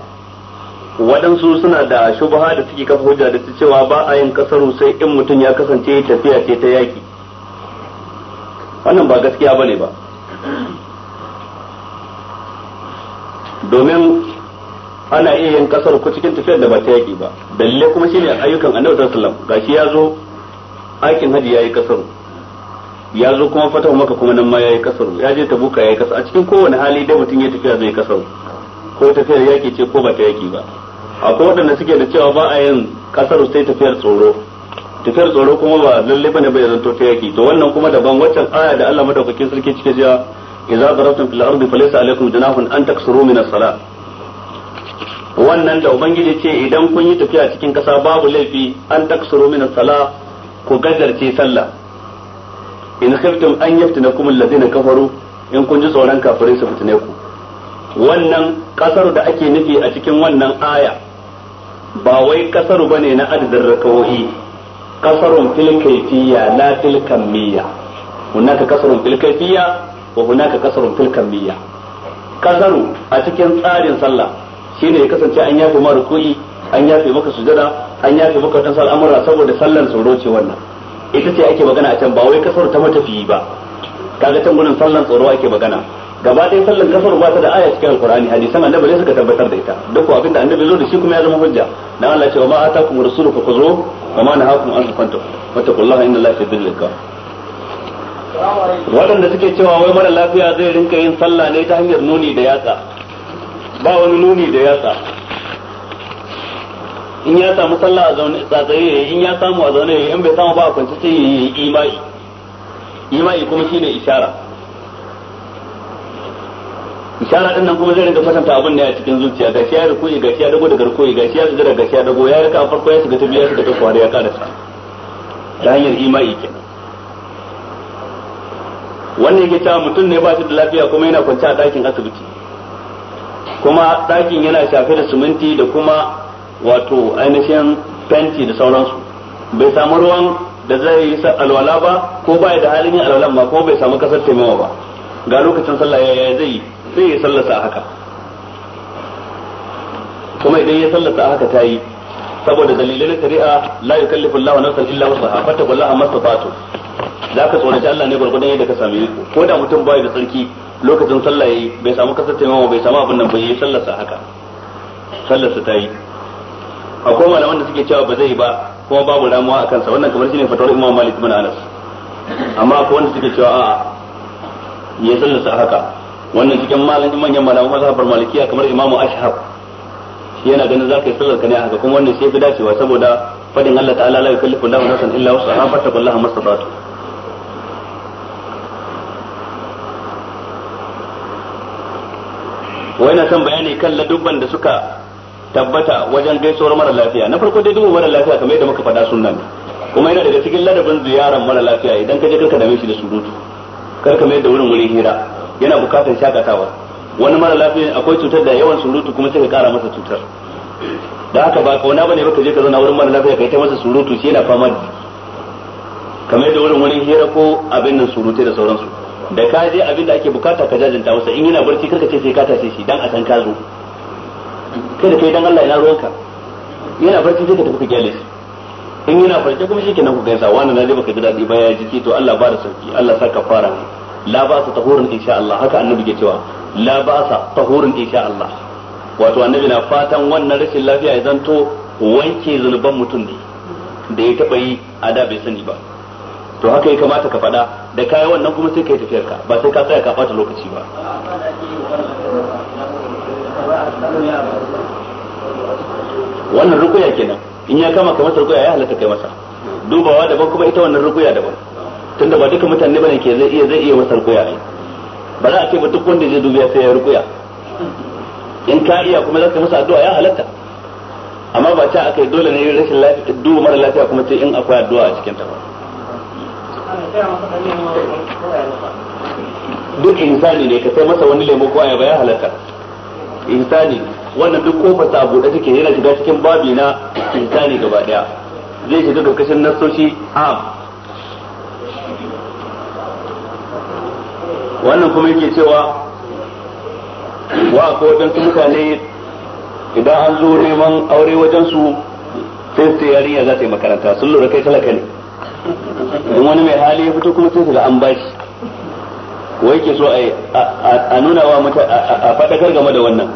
waɗansu suna da shubha da suke kafa hujja da cewa ba a yin kasaru sai in mutum ya kasance tafiya ce ta yaki wannan ba gaskiya ba ne ba domin ana iya yin kasar ku cikin tafiyar da ba ta yaki ba dalilai kuma shine ayyukan annabi sallallahu alaihi wasallam gashi ya zo aikin hajji yayi kasaru ya zo kuma fatawa maka kuma nan ma yayi kasar ya je ta ya yayi kasar a cikin kowane hali dai mutum ya tafiya zai kasar ko tafiyar yaki ce ko ba ta yaki ba akwai waɗanda suke da cewa ba a yin kasar sai tafiyar tsoro tafiyar tsoro kuma ba lalle bane bai zanto ta yaki to wannan kuma daban waccan aya da Allah madaukakin sarki cike jiya idza darabtum fil ardi falaysa alaykum junahun an taksuru min as sala wannan da ubangiji ce idan kun yi tafiya cikin kasa babu laifi an taksuru min as sala ku gajarce sallah in khiftum an yaftinakum alladhina kafaru in kun ji tsoron kafirai su fitine ku wannan kasar da ake nufi a cikin wannan aya ba wai kasar bane na adadin rakawohi kasarun filkaifiya la filkamiyya hunaka kasarun filkaifiya wa hunaka kasarun filkamiyya kasaru a cikin tsarin sallah shine ya kasance an yafe ma ruku'i an yafe maka sujada an yafe maka wata al'amura saboda sallan tsoro ce wannan ita ce ake magana a can ba wai kasar ta fiye ba kaga can gudun sallan tsoro ake magana gaba ɗaya sallan kasar ba ta da aya cikin alkurani hadisan annabi ne suka tabbatar da ita duk abinda annabi zo da shi kuma ya zama hujja dan Allah ce wa ma atakum rasulu fa khudhu wa ma nahakum an tafantu wattaqullaha inna Allaha yuhibbul muttaqin waɗanda suke cewa wai mara lafiya zai rinka yin sallah ne ta hanyar nuni da yatsa ba wani nuni da yatsa in ya samu sallah a zaune tsatsaye ya in ya samu a zaune ya in bai samu ba a kwance sai yi imai imai kuma shine ishara ishara din nan kuma zai rinka kwatanta abin da ya cikin zuciya ga shi ya rukuyi ga shi ya dago da garko ga shi ya zira ga shi ya dago ya rika farko ya shiga ta biya shiga ta kwari ya karasa ta hanyar imai kenan wannan yake cewa mutum ne ba shi da lafiya kuma yana kwance a ɗakin asibiti kuma ɗakin yana shafe da suminti da kuma wato ainihin fenti da sauransu bai samu ruwan da zai yi alwala ba ko bai da halin yin alwalan ba ko bai samu kasar taimawa ba ga lokacin sallah ya zai yi ya a haka kuma idan ya sallasa haka ta yi saboda dalilai na shari'a la yukallifu Allahu nafsan illa wusaha fattaqullaha za zaka tsoraci Allah ne gurgurdan yadda ka same ku ko da mutum bai da tsarki lokacin sallah yayi bai samu kasar taimawa bai samu abin nan bai yi sallasa haka sallasa ta yi akwai malaman wanda suke cewa ba zai ba kuma babu ramuwa a kansa wannan kamar shine fatawar Imam Malik bin Anas amma akwai wanda suke cewa a'a ya sallasa haka wannan cikin malamin manyan malaman mazhabar malikiya kamar Imam Ashhab shi yana ganin zaka yi sallar ka ne haka kuma wannan sai fi dacewa saboda fadin Allah ta'ala la yukallifu Allahu nafsan illa wus'aha fattaqullaha mastata'tum wai na son bayani kan ladubban da suka tabbata wajen gaisuwar mara lafiya na farko dai duba mara lafiya kamar yadda muka faɗa sunna kuma yana daga cikin ladabin ziyarar mara lafiya idan ka je karka dame shi da surutu kar ka mai da wurin wurin hira yana bukatar shakatawa wani mara lafiya akwai cutar da yawan surutu kuma sai ka kara masa cutar da haka ba kauna bane ka je ka zauna wurin mara lafiya kai ta masa surutu shi yana fama da kamar da wurin wurin hira ko abin nan surutai da sauransu da ka je abin da ake bukata ka jajanta masa in yana barci karka ce sai ka tashi shi dan a san ka zo kai da kai dan Allah ina ruwanka yana barci sai ka tafi ka gyale shi in yana farce kuma nan ku gaisa wannan na je baka ji dadi ba ya ji to Allah ba da sauki Allah sa ka ne la ba sa tahurun insha Allah haka annabi ke cewa la ba sa tahurun insha Allah wato annabi na fatan wannan rashin lafiya ya zanto wanke zulban mutum ne da ya taba yi a da bai sani ba to haka ya kamata ka faɗa da kayan wannan kuma sai ka yi tafiyarka ba sai ka tsaya ka bata lokaci ba wannan rukuya kenan in ya kama kamar rukuya ya halatta kai masa dubawa daban kuma ita wannan rukuya daban tunda ba duka mutane bane ke zai iya zai iya masa rukuya ne ba za a ce ba duk wanda zai dubiya sai ya rukuya in ka iya kuma za ka masa addu'a ya halatta amma ba ta akai dole ne rashin lafiya duk mara lafiya kuma sai in akwai addu'a a cikin ta ba duk insani ne ka sai masa wani lemo ko ayaba ya halatta ihsani wannan duk kofar ta abu take yana shiga cikin babi na ihsani gaba daya zai shiga karkashin nassoshi a wannan kuma yake cewa wa ko wadansu mutane idan an zo neman aure wajen su sai su yarinya za ta yi makaranta sun lura kai talaka ne don wani mai hali ya fito kuma sai su ga an bashi wai ke so a nuna wa mutane a faɗakar game da wannan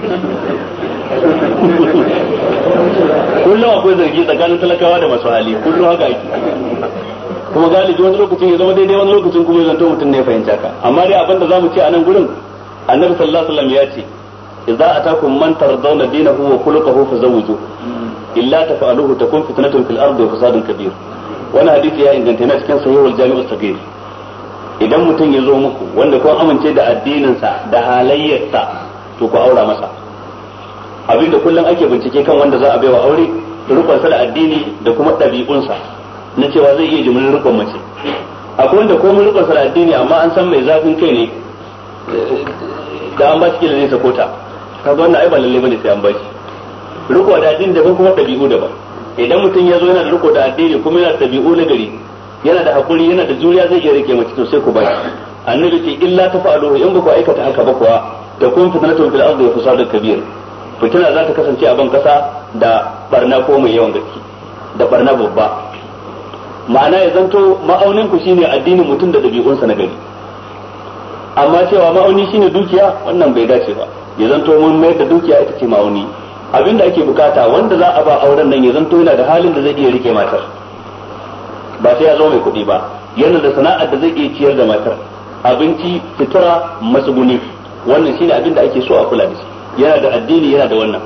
kullum akwai zargi tsakanin talakawa da masu hali kullum haka ake kuma galibi wani lokacin ya zama daidai wani lokacin kuma ya zanto mutum ne ya fahimta ka amma dai abin da zamu ce a nan gurin annabi sallallahu alaihi wasallam ya ce idza atakum man tardawna dinahu wa khuluquhu fazawwiju illa tafa'aluhu takun fitnatun fil ardi wa fasadun kabir wannan hadisi ya inganta yana cikin sahihul jami'ul saghir idan mutum ya zo muku wanda kun amince da addininsa da halayyarsa to ku aura masa abinda kullum ake bincike kan wanda za a baiwa aure rukunsa da addini da kuma ɗabi'unsa na cewa zai iya jimin rukun mace akwai wanda komai rukunsa da addini amma an san mai zafin kai ne da an ba shi kila nesa kota ta zo wannan ai ba lalle bane sai an ba shi rukun da addini daban kuma ɗabi'u daban idan mutum ya zo yana da rukun da addini kuma yana da ɗabi'u na gari yana da hakuri yana da juriya zai iya rike mace to sai ku bari annabi ce illa tafa'aluhu in ba ku aikata haka ba kuwa da kun fitnatu fil ardi wa da kabir fitina za ta kasance a ban kasa da barna ko mai yawan gaske da barna babba ma'ana ya zanto ma'aunin ku shine addinin mutum da dabi'unsa na gari amma cewa ma'auni shine dukiya wannan bai dace ba ya zanto mun mayar da dukiya ita ce ma'auni abinda ake bukata wanda za a ba auren nan ya zanto yana da halin da zai iya rike matar ba sai ya zo mai kuɗi ba yana da sana'ar da zai iya ciyar da matar abinci fitura masuguni wannan shine abin da ake so a kula da shi yana da addini yana da wannan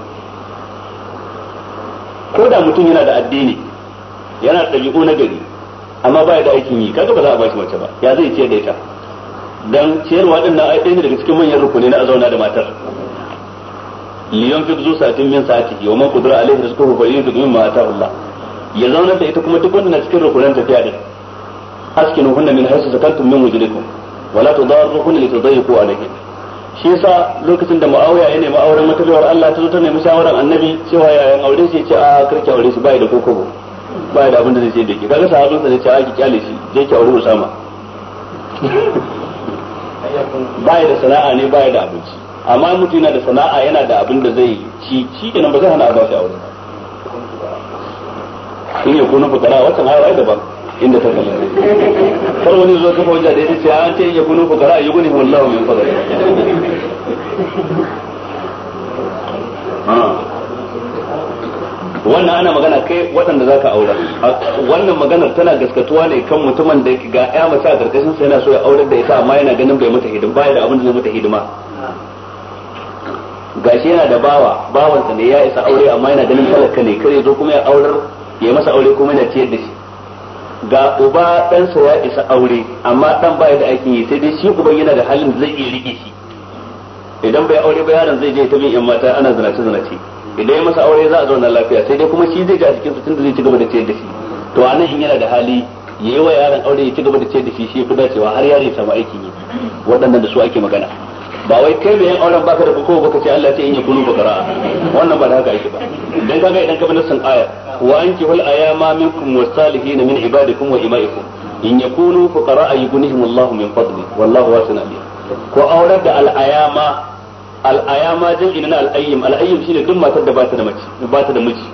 ko da mutum yana da addini yana da ɗabi'u na gari amma ba da aikin yi kaga ba za a ba shi mace ba ya zai ciyar da ita dan ciyarwa din na ɗaya daga cikin manyan rukuni na zauna da matar liyan fi zuwa satin min sati yawman kudura alaihi rizquhu fa yunfiqu mimma ataahu Allah ya zauna da ita kuma duk wanda na cikin rukunan tafiya din askinu hunna min haisu zakantum min wujudikum wala tudarru hunna litadayiqu alayhi shi yasa lokacin da Muawiya ya nemi auren matalwar Allah ta zo ta nemi shawaran Annabi cewa yayan aure shi ce a karki aure shi bai da kokobo bai da abinda zai ce da ke kaga sahabin sa ne ce a ki kyale shi je ki aure Usama bai da sana'a ne bai da abinci amma mutum yana da sana'a yana da abin da zai ci ci kenan ba zai hana a ba shi aure sun yi kuna fukara a watan ai daban inda ta kalla kar wani zuwa kafa wajen da ya ce an ce yi kuna fukara a yi guni wallahu min fadar wannan ana magana kai waɗanda ka aura wannan maganar tana gaskatuwa ne kan mutumin da ga ya mace a ƙarƙashin sai yana so ya aurar da ita amma yana ganin bai mata hidima baya da abin da zai mata hidima gashi yana da bawa bawansa ne ya isa aure amma yana ganin talaka ne kare zo kuma ya aurar ya masa aure kuma da ciyar da shi ga uba dan sa ya isa aure amma dan baya da aikin yi sai dai shi uban yana da halin da zai iya rike shi idan bai aure ba yaron zai je ta bin yan mata ana zinace zinace idan ya masa aure za a zauna lafiya sai dai kuma shi zai ga cikin tunda zai ci gaba da ciyar da shi to anan in yana da hali ya yi wa yaron aure ya ci gaba da ciyar da shi shi ya fi dacewa har yaron ya samu aikin yi waɗannan da su ake magana ba wai kai mai yan auren baka da ko baka ce Allah ya ce in yakunu fuqara wannan ba da haka yake ba dan kaga idan ka bi nassin aya wa ankihul ayama minkum wasalihin min ibadikum wa imaikum in yakunu fuqara yughnihim Allah min fadli wallahu wasi'un alim ko auren da jin inna al ayyim al'ayyim al'ayyim shine duk matar da ba ta da mace ba ta da miji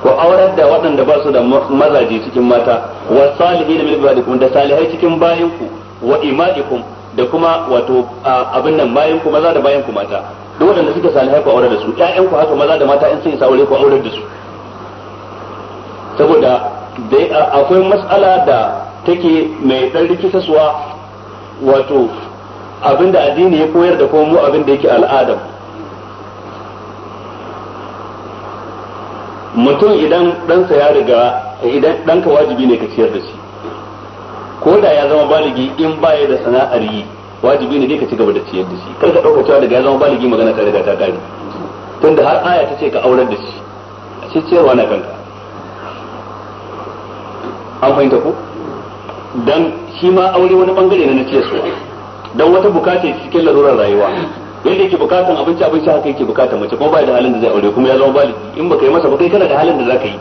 ko auren da waɗanda ba su da mazaje cikin mata wasalihin min ibadikum da salihai cikin bayinku wa imaikum da kuma wato abin nan bayan ku maza da bayan ku mata duk waɗanda suke salihai ku aure da su ƴaƴan ku haka maza da mata in sun isa aure ku aure da su saboda akwai mas'ala da take mai ɗan rikitaswa wato abin da addini ya koyar da kuma mu abin da yake al'ada mutum idan ɗansa ya riga idan ɗanka wajibi ne ka ciyar da shi ko da ya zama baligi in baya da sana'ar yi wajibi ne dai ka ci gaba da ciyar da shi kar ka dauka cewa daga ya zama baligi magana ta riga ta kare tunda har aya ta ce ka aurar da shi a ce ciyarwa na kanka an fahimta ko dan shi ma aure wani bangare ne na ciyarwa dan wata bukata cikin larurar rayuwa yadda yake bukatan abinci abinci haka yake bukatan mace kuma ba da halin da zai aure kuma ya zama baligi in baka yi masa ba kai kana da halin da zaka yi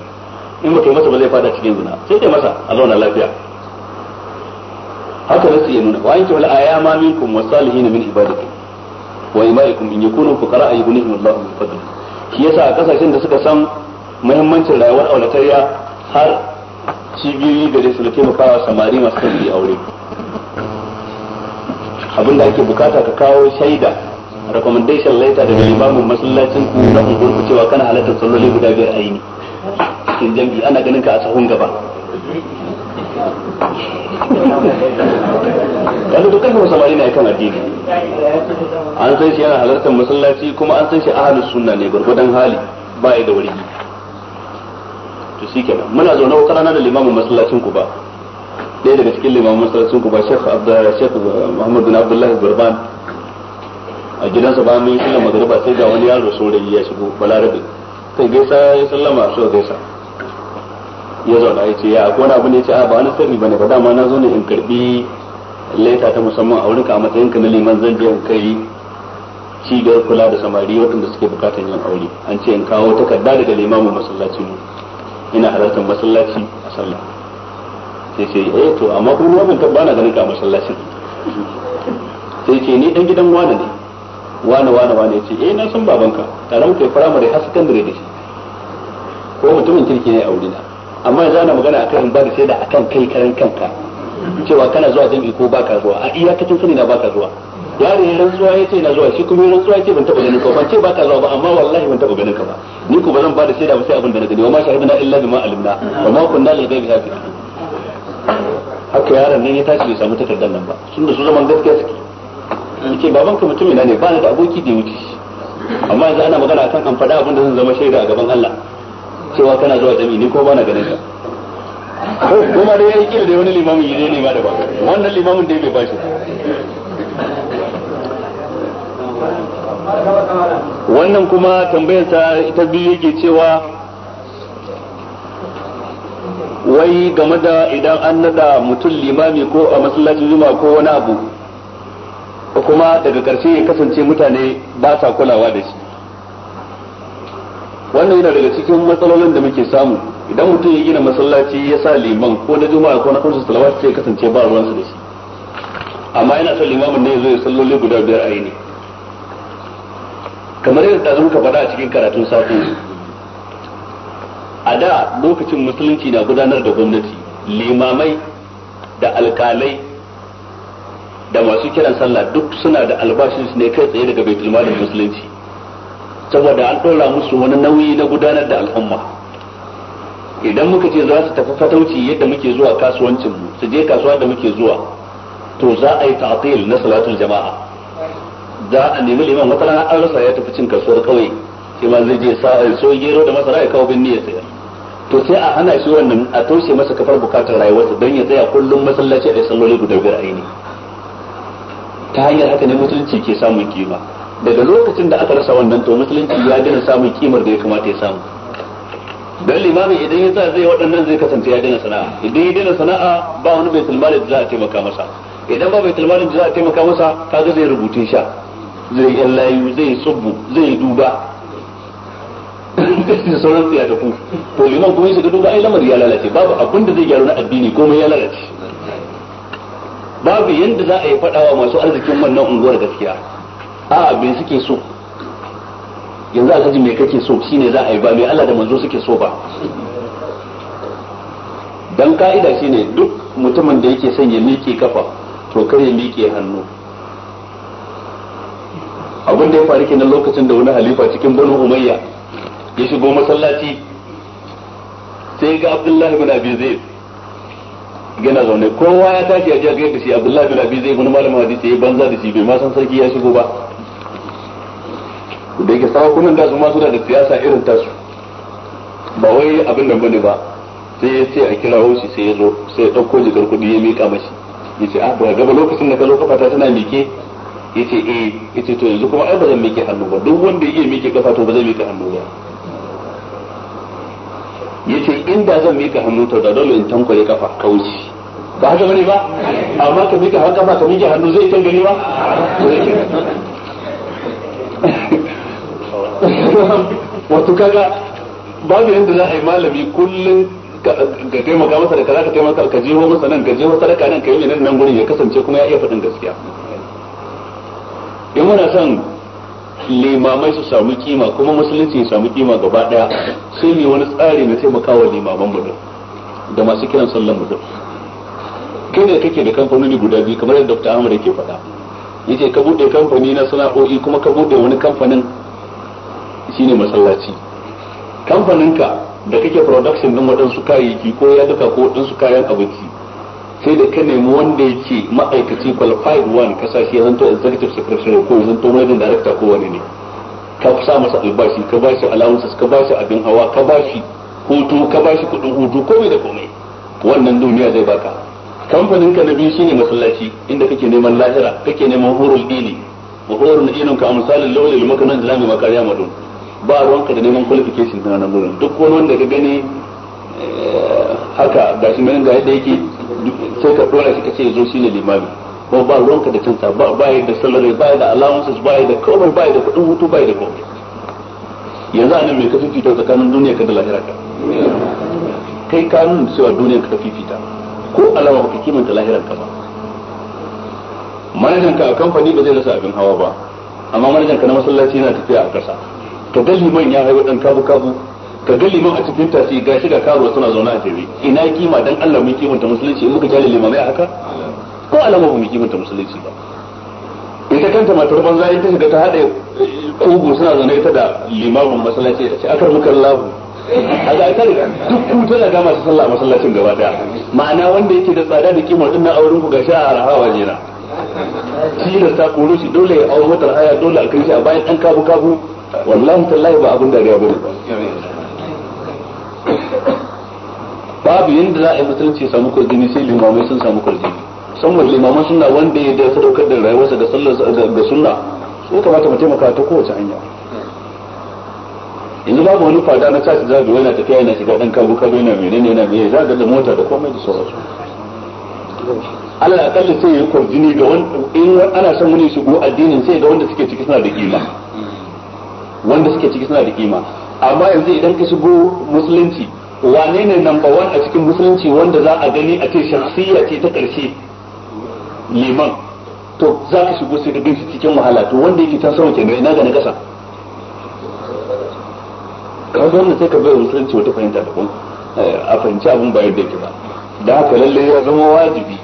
in baka yi masa ba zai fada cikin zina sai kai masa a zauna lafiya haka wasu yi nuna wa'anki wal ayama minkum wasalihin min ibadikum wa imaikum in yakunu fuqara ayyuhum Allahu min fadli shi yasa a kasashen da suka san muhimmancin rayuwar aulatayya har cibiyoyi gare su da taimakawa samari masu tafi aure abinda ake bukata ka kawo shaida recommendation letter daga limamin masallacin ku na unguwar ku cewa kana halartar salloli guda biyar aini cikin jambi ana ganin ka a sahun gaba yanzu dukkan mu samari ne kan addini an san shi yana halartar masallaci kuma an san shi ahlus sunna ne gurgudan hali ba ya da wuri to kenan muna zaune wata rana da limamin masallacin ku ba ɗaya daga cikin limamin masallacin ku ba Sheikh abdullahi Sheikh muhammadu bin abdullahi Burban a gidansa ba mun yi sallar magriba sai ga wani yaro saurayi ya shigo balarabe kai gaisa ya sallama so gaisa ya zauna ya ce ya akwai wani abu ne ya ce a ba wani sirri bane ba dama na zo ne in karbi leta ta musamman a wurinka a matsayin ka na liman zan je in kai cibiyar kula da samari waɗanda suke bukatan yin aure an ce in kawo takarda daga limamin masallaci mu ina halartar masallaci a sallah sai ce eh to amma kuma ban tabba tabbana ganin ka a masallacin sai ce ni dan gidan wani ne wani wani wani ce eh na san babanka tare kai firamare har secondary da shi ko mutumin kirki ne a wurina amma yanzu ana magana kan in ba da a kan kai karan kanka cewa kana zuwa jami'i ko baka zuwa a iyakacin sani na baka zuwa yare ran zuwa ya ce na zuwa shi kuma ran zuwa ya ce ban taɓa ganin ka ban ce baka zuwa ba amma wallahi ban taɓa ganin ka ba ni ko ba zan ba da shaida ba sai abin da na gani wa ma shahidna illa bima alimna wa ma kunna lil ghaibi hafiz haka yaran ne ya tashi bai samu takardar nan ba da su zaman gaskiya suke yace baban ka mutumina ne ba ni da aboki da ya wuce amma yanzu ana magana akan an faɗa abin da zan zama shaida a gaban Allah cewa kana zuwa jami'i ni ko bana ganin ka kuma dai yayi kira dai wani limamin yaje ne ma da ba wannan limamin dai bai bashi wannan kuma tambayar ta ita biyu yake cewa wai game da idan an nada mutum limami ko a masallacin juma ko wani abu kuma daga ƙarshe ya kasance mutane ba sa kulawa da shi wannan yana daga cikin matsalolin da muke samu idan mutum ya gina masallaci ya sa liman ko na juma'a ko na kursu salawat ce kasance ba ruwansa da shi amma yana son limamin ne zo ya salloli guda biyar a yini kamar yadda da muka faɗa a cikin karatun safi a da lokacin musulunci na gudanar da gwamnati limamai da alkalai da masu kiran sallah duk suna da albashin su ne kai tsaye daga baitulmalin musulunci saboda an ɗora musu wani nauyi na gudanar da al'umma idan muka ce za su tafi fatauci yadda muke zuwa kasuwancin mu su je kasuwa da muke zuwa to za a yi ta'til na salatul jama'a za a nemi liman wata rana an rasa ya tafi cin kasuwar kauye shi ma zai je so gero da masara ya kawo binni ya sayar to sai a hana shi wannan a taushe masa kafar bukatar rayuwarsa don ya tsaya kullum masallaci a salloli guda biyar aini ta hanyar haka ne mutunci ke samun kima daga lokacin da aka rasa wannan to musulunci ya dina samun kimar da ya kamata ya samu don limamin idan ya sa zai waɗannan zai kasance ya dina sana'a idan ya dina sana'a ba wani bai tilmalin da za a taimaka masa idan ba bai tilmalin da za a taimaka masa kaga zai rubuce sha zai yan layu zai tsubbu zai duba da sauran siya da ku to liman kuma ya shiga duba ai lamari ya lalace babu abin da zai gyaru na addini komai ya lalace babu yadda za a yi faɗawa masu arzikin wannan unguwar gaskiya a bai suke so yanzu alhaji me kake so shine za a yi ba mai Allah da manzo suke so ba dan ka'ida shine duk mutumin da yake son ya miƙe kafa to kar ya miƙe hannu abin da ya faru kenan lokacin da wani halifa cikin banu umayya ya shigo masallaci sai ga abdullahi bin abi zaid gina zaune kowa ya tashi ya ga shi abdullahi bin abi zaid wani malamin hadisi ya banza da shi bai ma san sarki ya shigo ba da yake sarakunan da su ma da siyasa irin tasu ba wai abin da bane ba sai ya ce a kira shi sai ya zo sai ya ɗauko jikar kuɗi ya miƙa mashi ya ce a ah, ba gaba lokacin da ka zo kafata tana miƙe ya ce eh ya ce to yanzu kuma ai ba zan miƙe hannu ba duk wanda ya iya miƙe kafa to ba zai miƙe hannu ba ya ce inda zan miƙe hannu to da dole in tankwale kafa wuce ba haka bane ba amma ka miƙe hannu kafa ka miƙe hannu zai tangare ba wato kaga babu yanda za a yi malami kullum ka taimaka masa da kaza ka taimaka ka jeho masa nan ka jeho sadaka nan ka yi nan nan gurin ya kasance kuma ya iya faɗin gaskiya in muna son limamai su samu kima kuma musulunci ya samu kima gaba ɗaya sai ne wani tsari na taimakawa limaman mu da masu kiran sallan mu kai ne kake da kamfanoni guda biyu kamar yadda Dr. amadu ke faɗa yake ka bude kamfani na sana'o'i kuma ka bude wani kamfanin shine masallaci kamfaninka da kake production din waɗansu kayayyaki ko ya duka ko waɗansu kayan abinci sai da ka nemi wanda yake ma'aikaci qualified one ka sa shi zanto executive secretary ko zanto managing director ko wani ne ka sa masa albashi ka ba shi allowances ka ba shi abin hawa ka ba shi hutu ka ba shi kuɗin hutu komai da komai wannan duniya zai baka kamfanin ka na biyu shine masallaci inda kake neman lahira kake neman hurul dini wa hurul dinin ka amsalin lawlil makanan da zamu makariya madun ba ruwanka da neman qualification na nan gurin duk wani wanda ka gani eh, haka shi mai ga yadda yake sai ka dora shi kace zo shine limami ko ba ruwanka da cinta ba ba da salary ba da allowance ba da komai ba da kudin hutu ba da komai yanzu anan mai ka fifita tsakanin duniya ka da lahira ka kai ka nun cewa duniyar ka ta fita. ko alama baka kimanta lahirar ka ba manajan ka a kamfani ba zai rasa abin hawa ba amma manajan ka na masallaci yana tafiya a ƙasa ka ga liman ya haihu dan kabu kabu ka ga liman a cikin tasi ga shi ga karuwa suna zaune a tebe ina kima dan Allah mun kimanta musulunci in muka kyale limamai a haka ko alama ba mu kimanta musulunci ba ita kanta matar banza ita shiga ta haɗe kogo suna zaune ita da limamin masallaci ita ce akar muka lafu a ga kare duk ku tana ga masu sallah masallacin gaba daya ma'ana wanda yake da tsada da kimar dinnan auren ku ga sha a rahawa jira tilas ta koro shi dole ya auri matar haya dole a kai shi a bayan ɗan kabu kabu wallahi tallahi ba abin dariya bane babu yadda za a yi musulunci ya samu kwarjini sai limamai sun samu kwarjini musamman limaman suna wanda ya da sadaukar da rayuwarsa da sallar da sunna su kamata mu taimaka ta kowace hanya yanzu babu wani fada na tashi zabi wani tafiya yana shiga dan kabu kabu yana menene yana meye zaga da mota da komai da sauransu Allah ya kalli sai ya yi kwarjini ga wanda in ana son wani shigo addinin sai ga wanda suke ciki suna da kima wanda suke ciki suna da kima amma yanzu idan ka shigo musulunci wane ne number one a cikin musulunci wanda za a gani a ce shakhsiyya ce ta ƙarshe liman to za ka shigo sai ka gan shi cikin wahala to wanda yake ta sama kenan ina ga na kasa kawai wannan sai ka bai musulunci wata fahimta kuma eh, a fahimci abin bayar da yake ba da haka lallai ya zama wajibi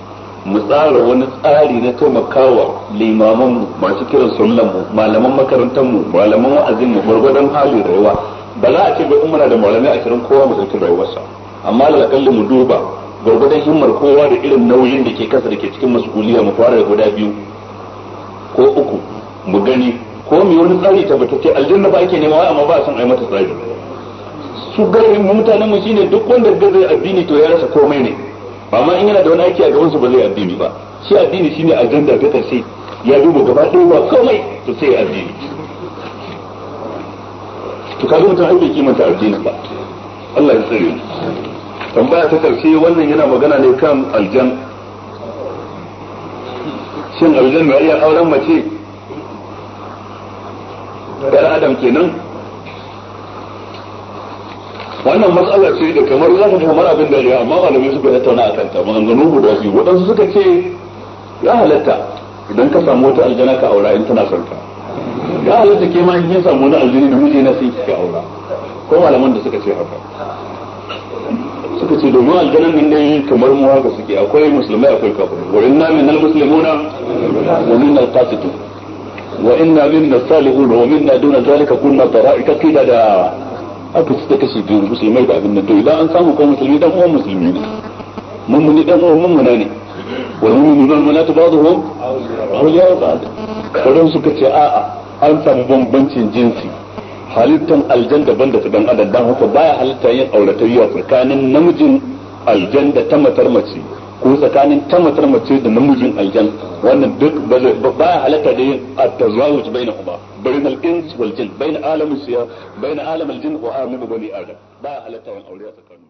mu tsara wani tsari na taimakawa limaman masu kiran sunan mu malaman makarantar mu malaman wa'azin mu gwargwadon halin rayuwa ba za a ce bai umara da malamai a ashirin kowa mu sauki rayuwarsa amma alaƙalli mu duba gwargwadon himmar kowa da irin nauyin da ke kasa da ke cikin mas'uliyya mu fara da guda biyu ko uku mu gani ko mu wani tsari tabbatacce aljanna ba ake nema amma ba son ai mata tsari su garin mutanen mu shine duk wanda zai addini to ya rasa komai ne ba ma in yana da wani aiki a gaban ba zai addini ba shi addini shine ajanda ta karshe ya duba gaba ɗaya ba komai to sai addini to kaga mutum ai bai kimanta addini ba Allah ya tsare tambaya ta karshe wannan yana magana ne kan aljan shin aljan mai iya auren mace ɗan adam kenan wannan matsala ce da kamar za ka ji mara abin dariya amma malamai suka tattauna a kanta maganganu guda biyu waɗansu suka ce ya halatta idan ka samu wata aljana ka aura in tana son ka ya halatta ke ma in samu wani aljini da miji na sai ki aura ko malaman da suka ce haka suka ce domin aljanan nan dai kamar mu haka suke akwai musulmai akwai kafirai wa inna minal muslimuna wa minal qasitun wa inna minna salihun wa minna duna zalika kunna tara'ika qidada aka ci ta kashe biyu musulmai da abin da to idan an samu ko musulmi dan uwan musulmi ne mummuni dan uwan mummuna ne wal mu'minuna wal manatu ba'dhum awliya ba'd wadan suka ce a'a an samu bambancin jinsi halittan aljan daban da dan adam dan haka baya halitta yin auratayya tsakanin namijin aljan da ta matar mace ko tsakanin ta matar mace da namijin aljan wannan duk ba ya halatta da yin at-tazawuj baina kuma bain al-ins wal jin bain alam siya bain alam al-jin wa alam bani adam ba ya halatta wannan aure tsakanin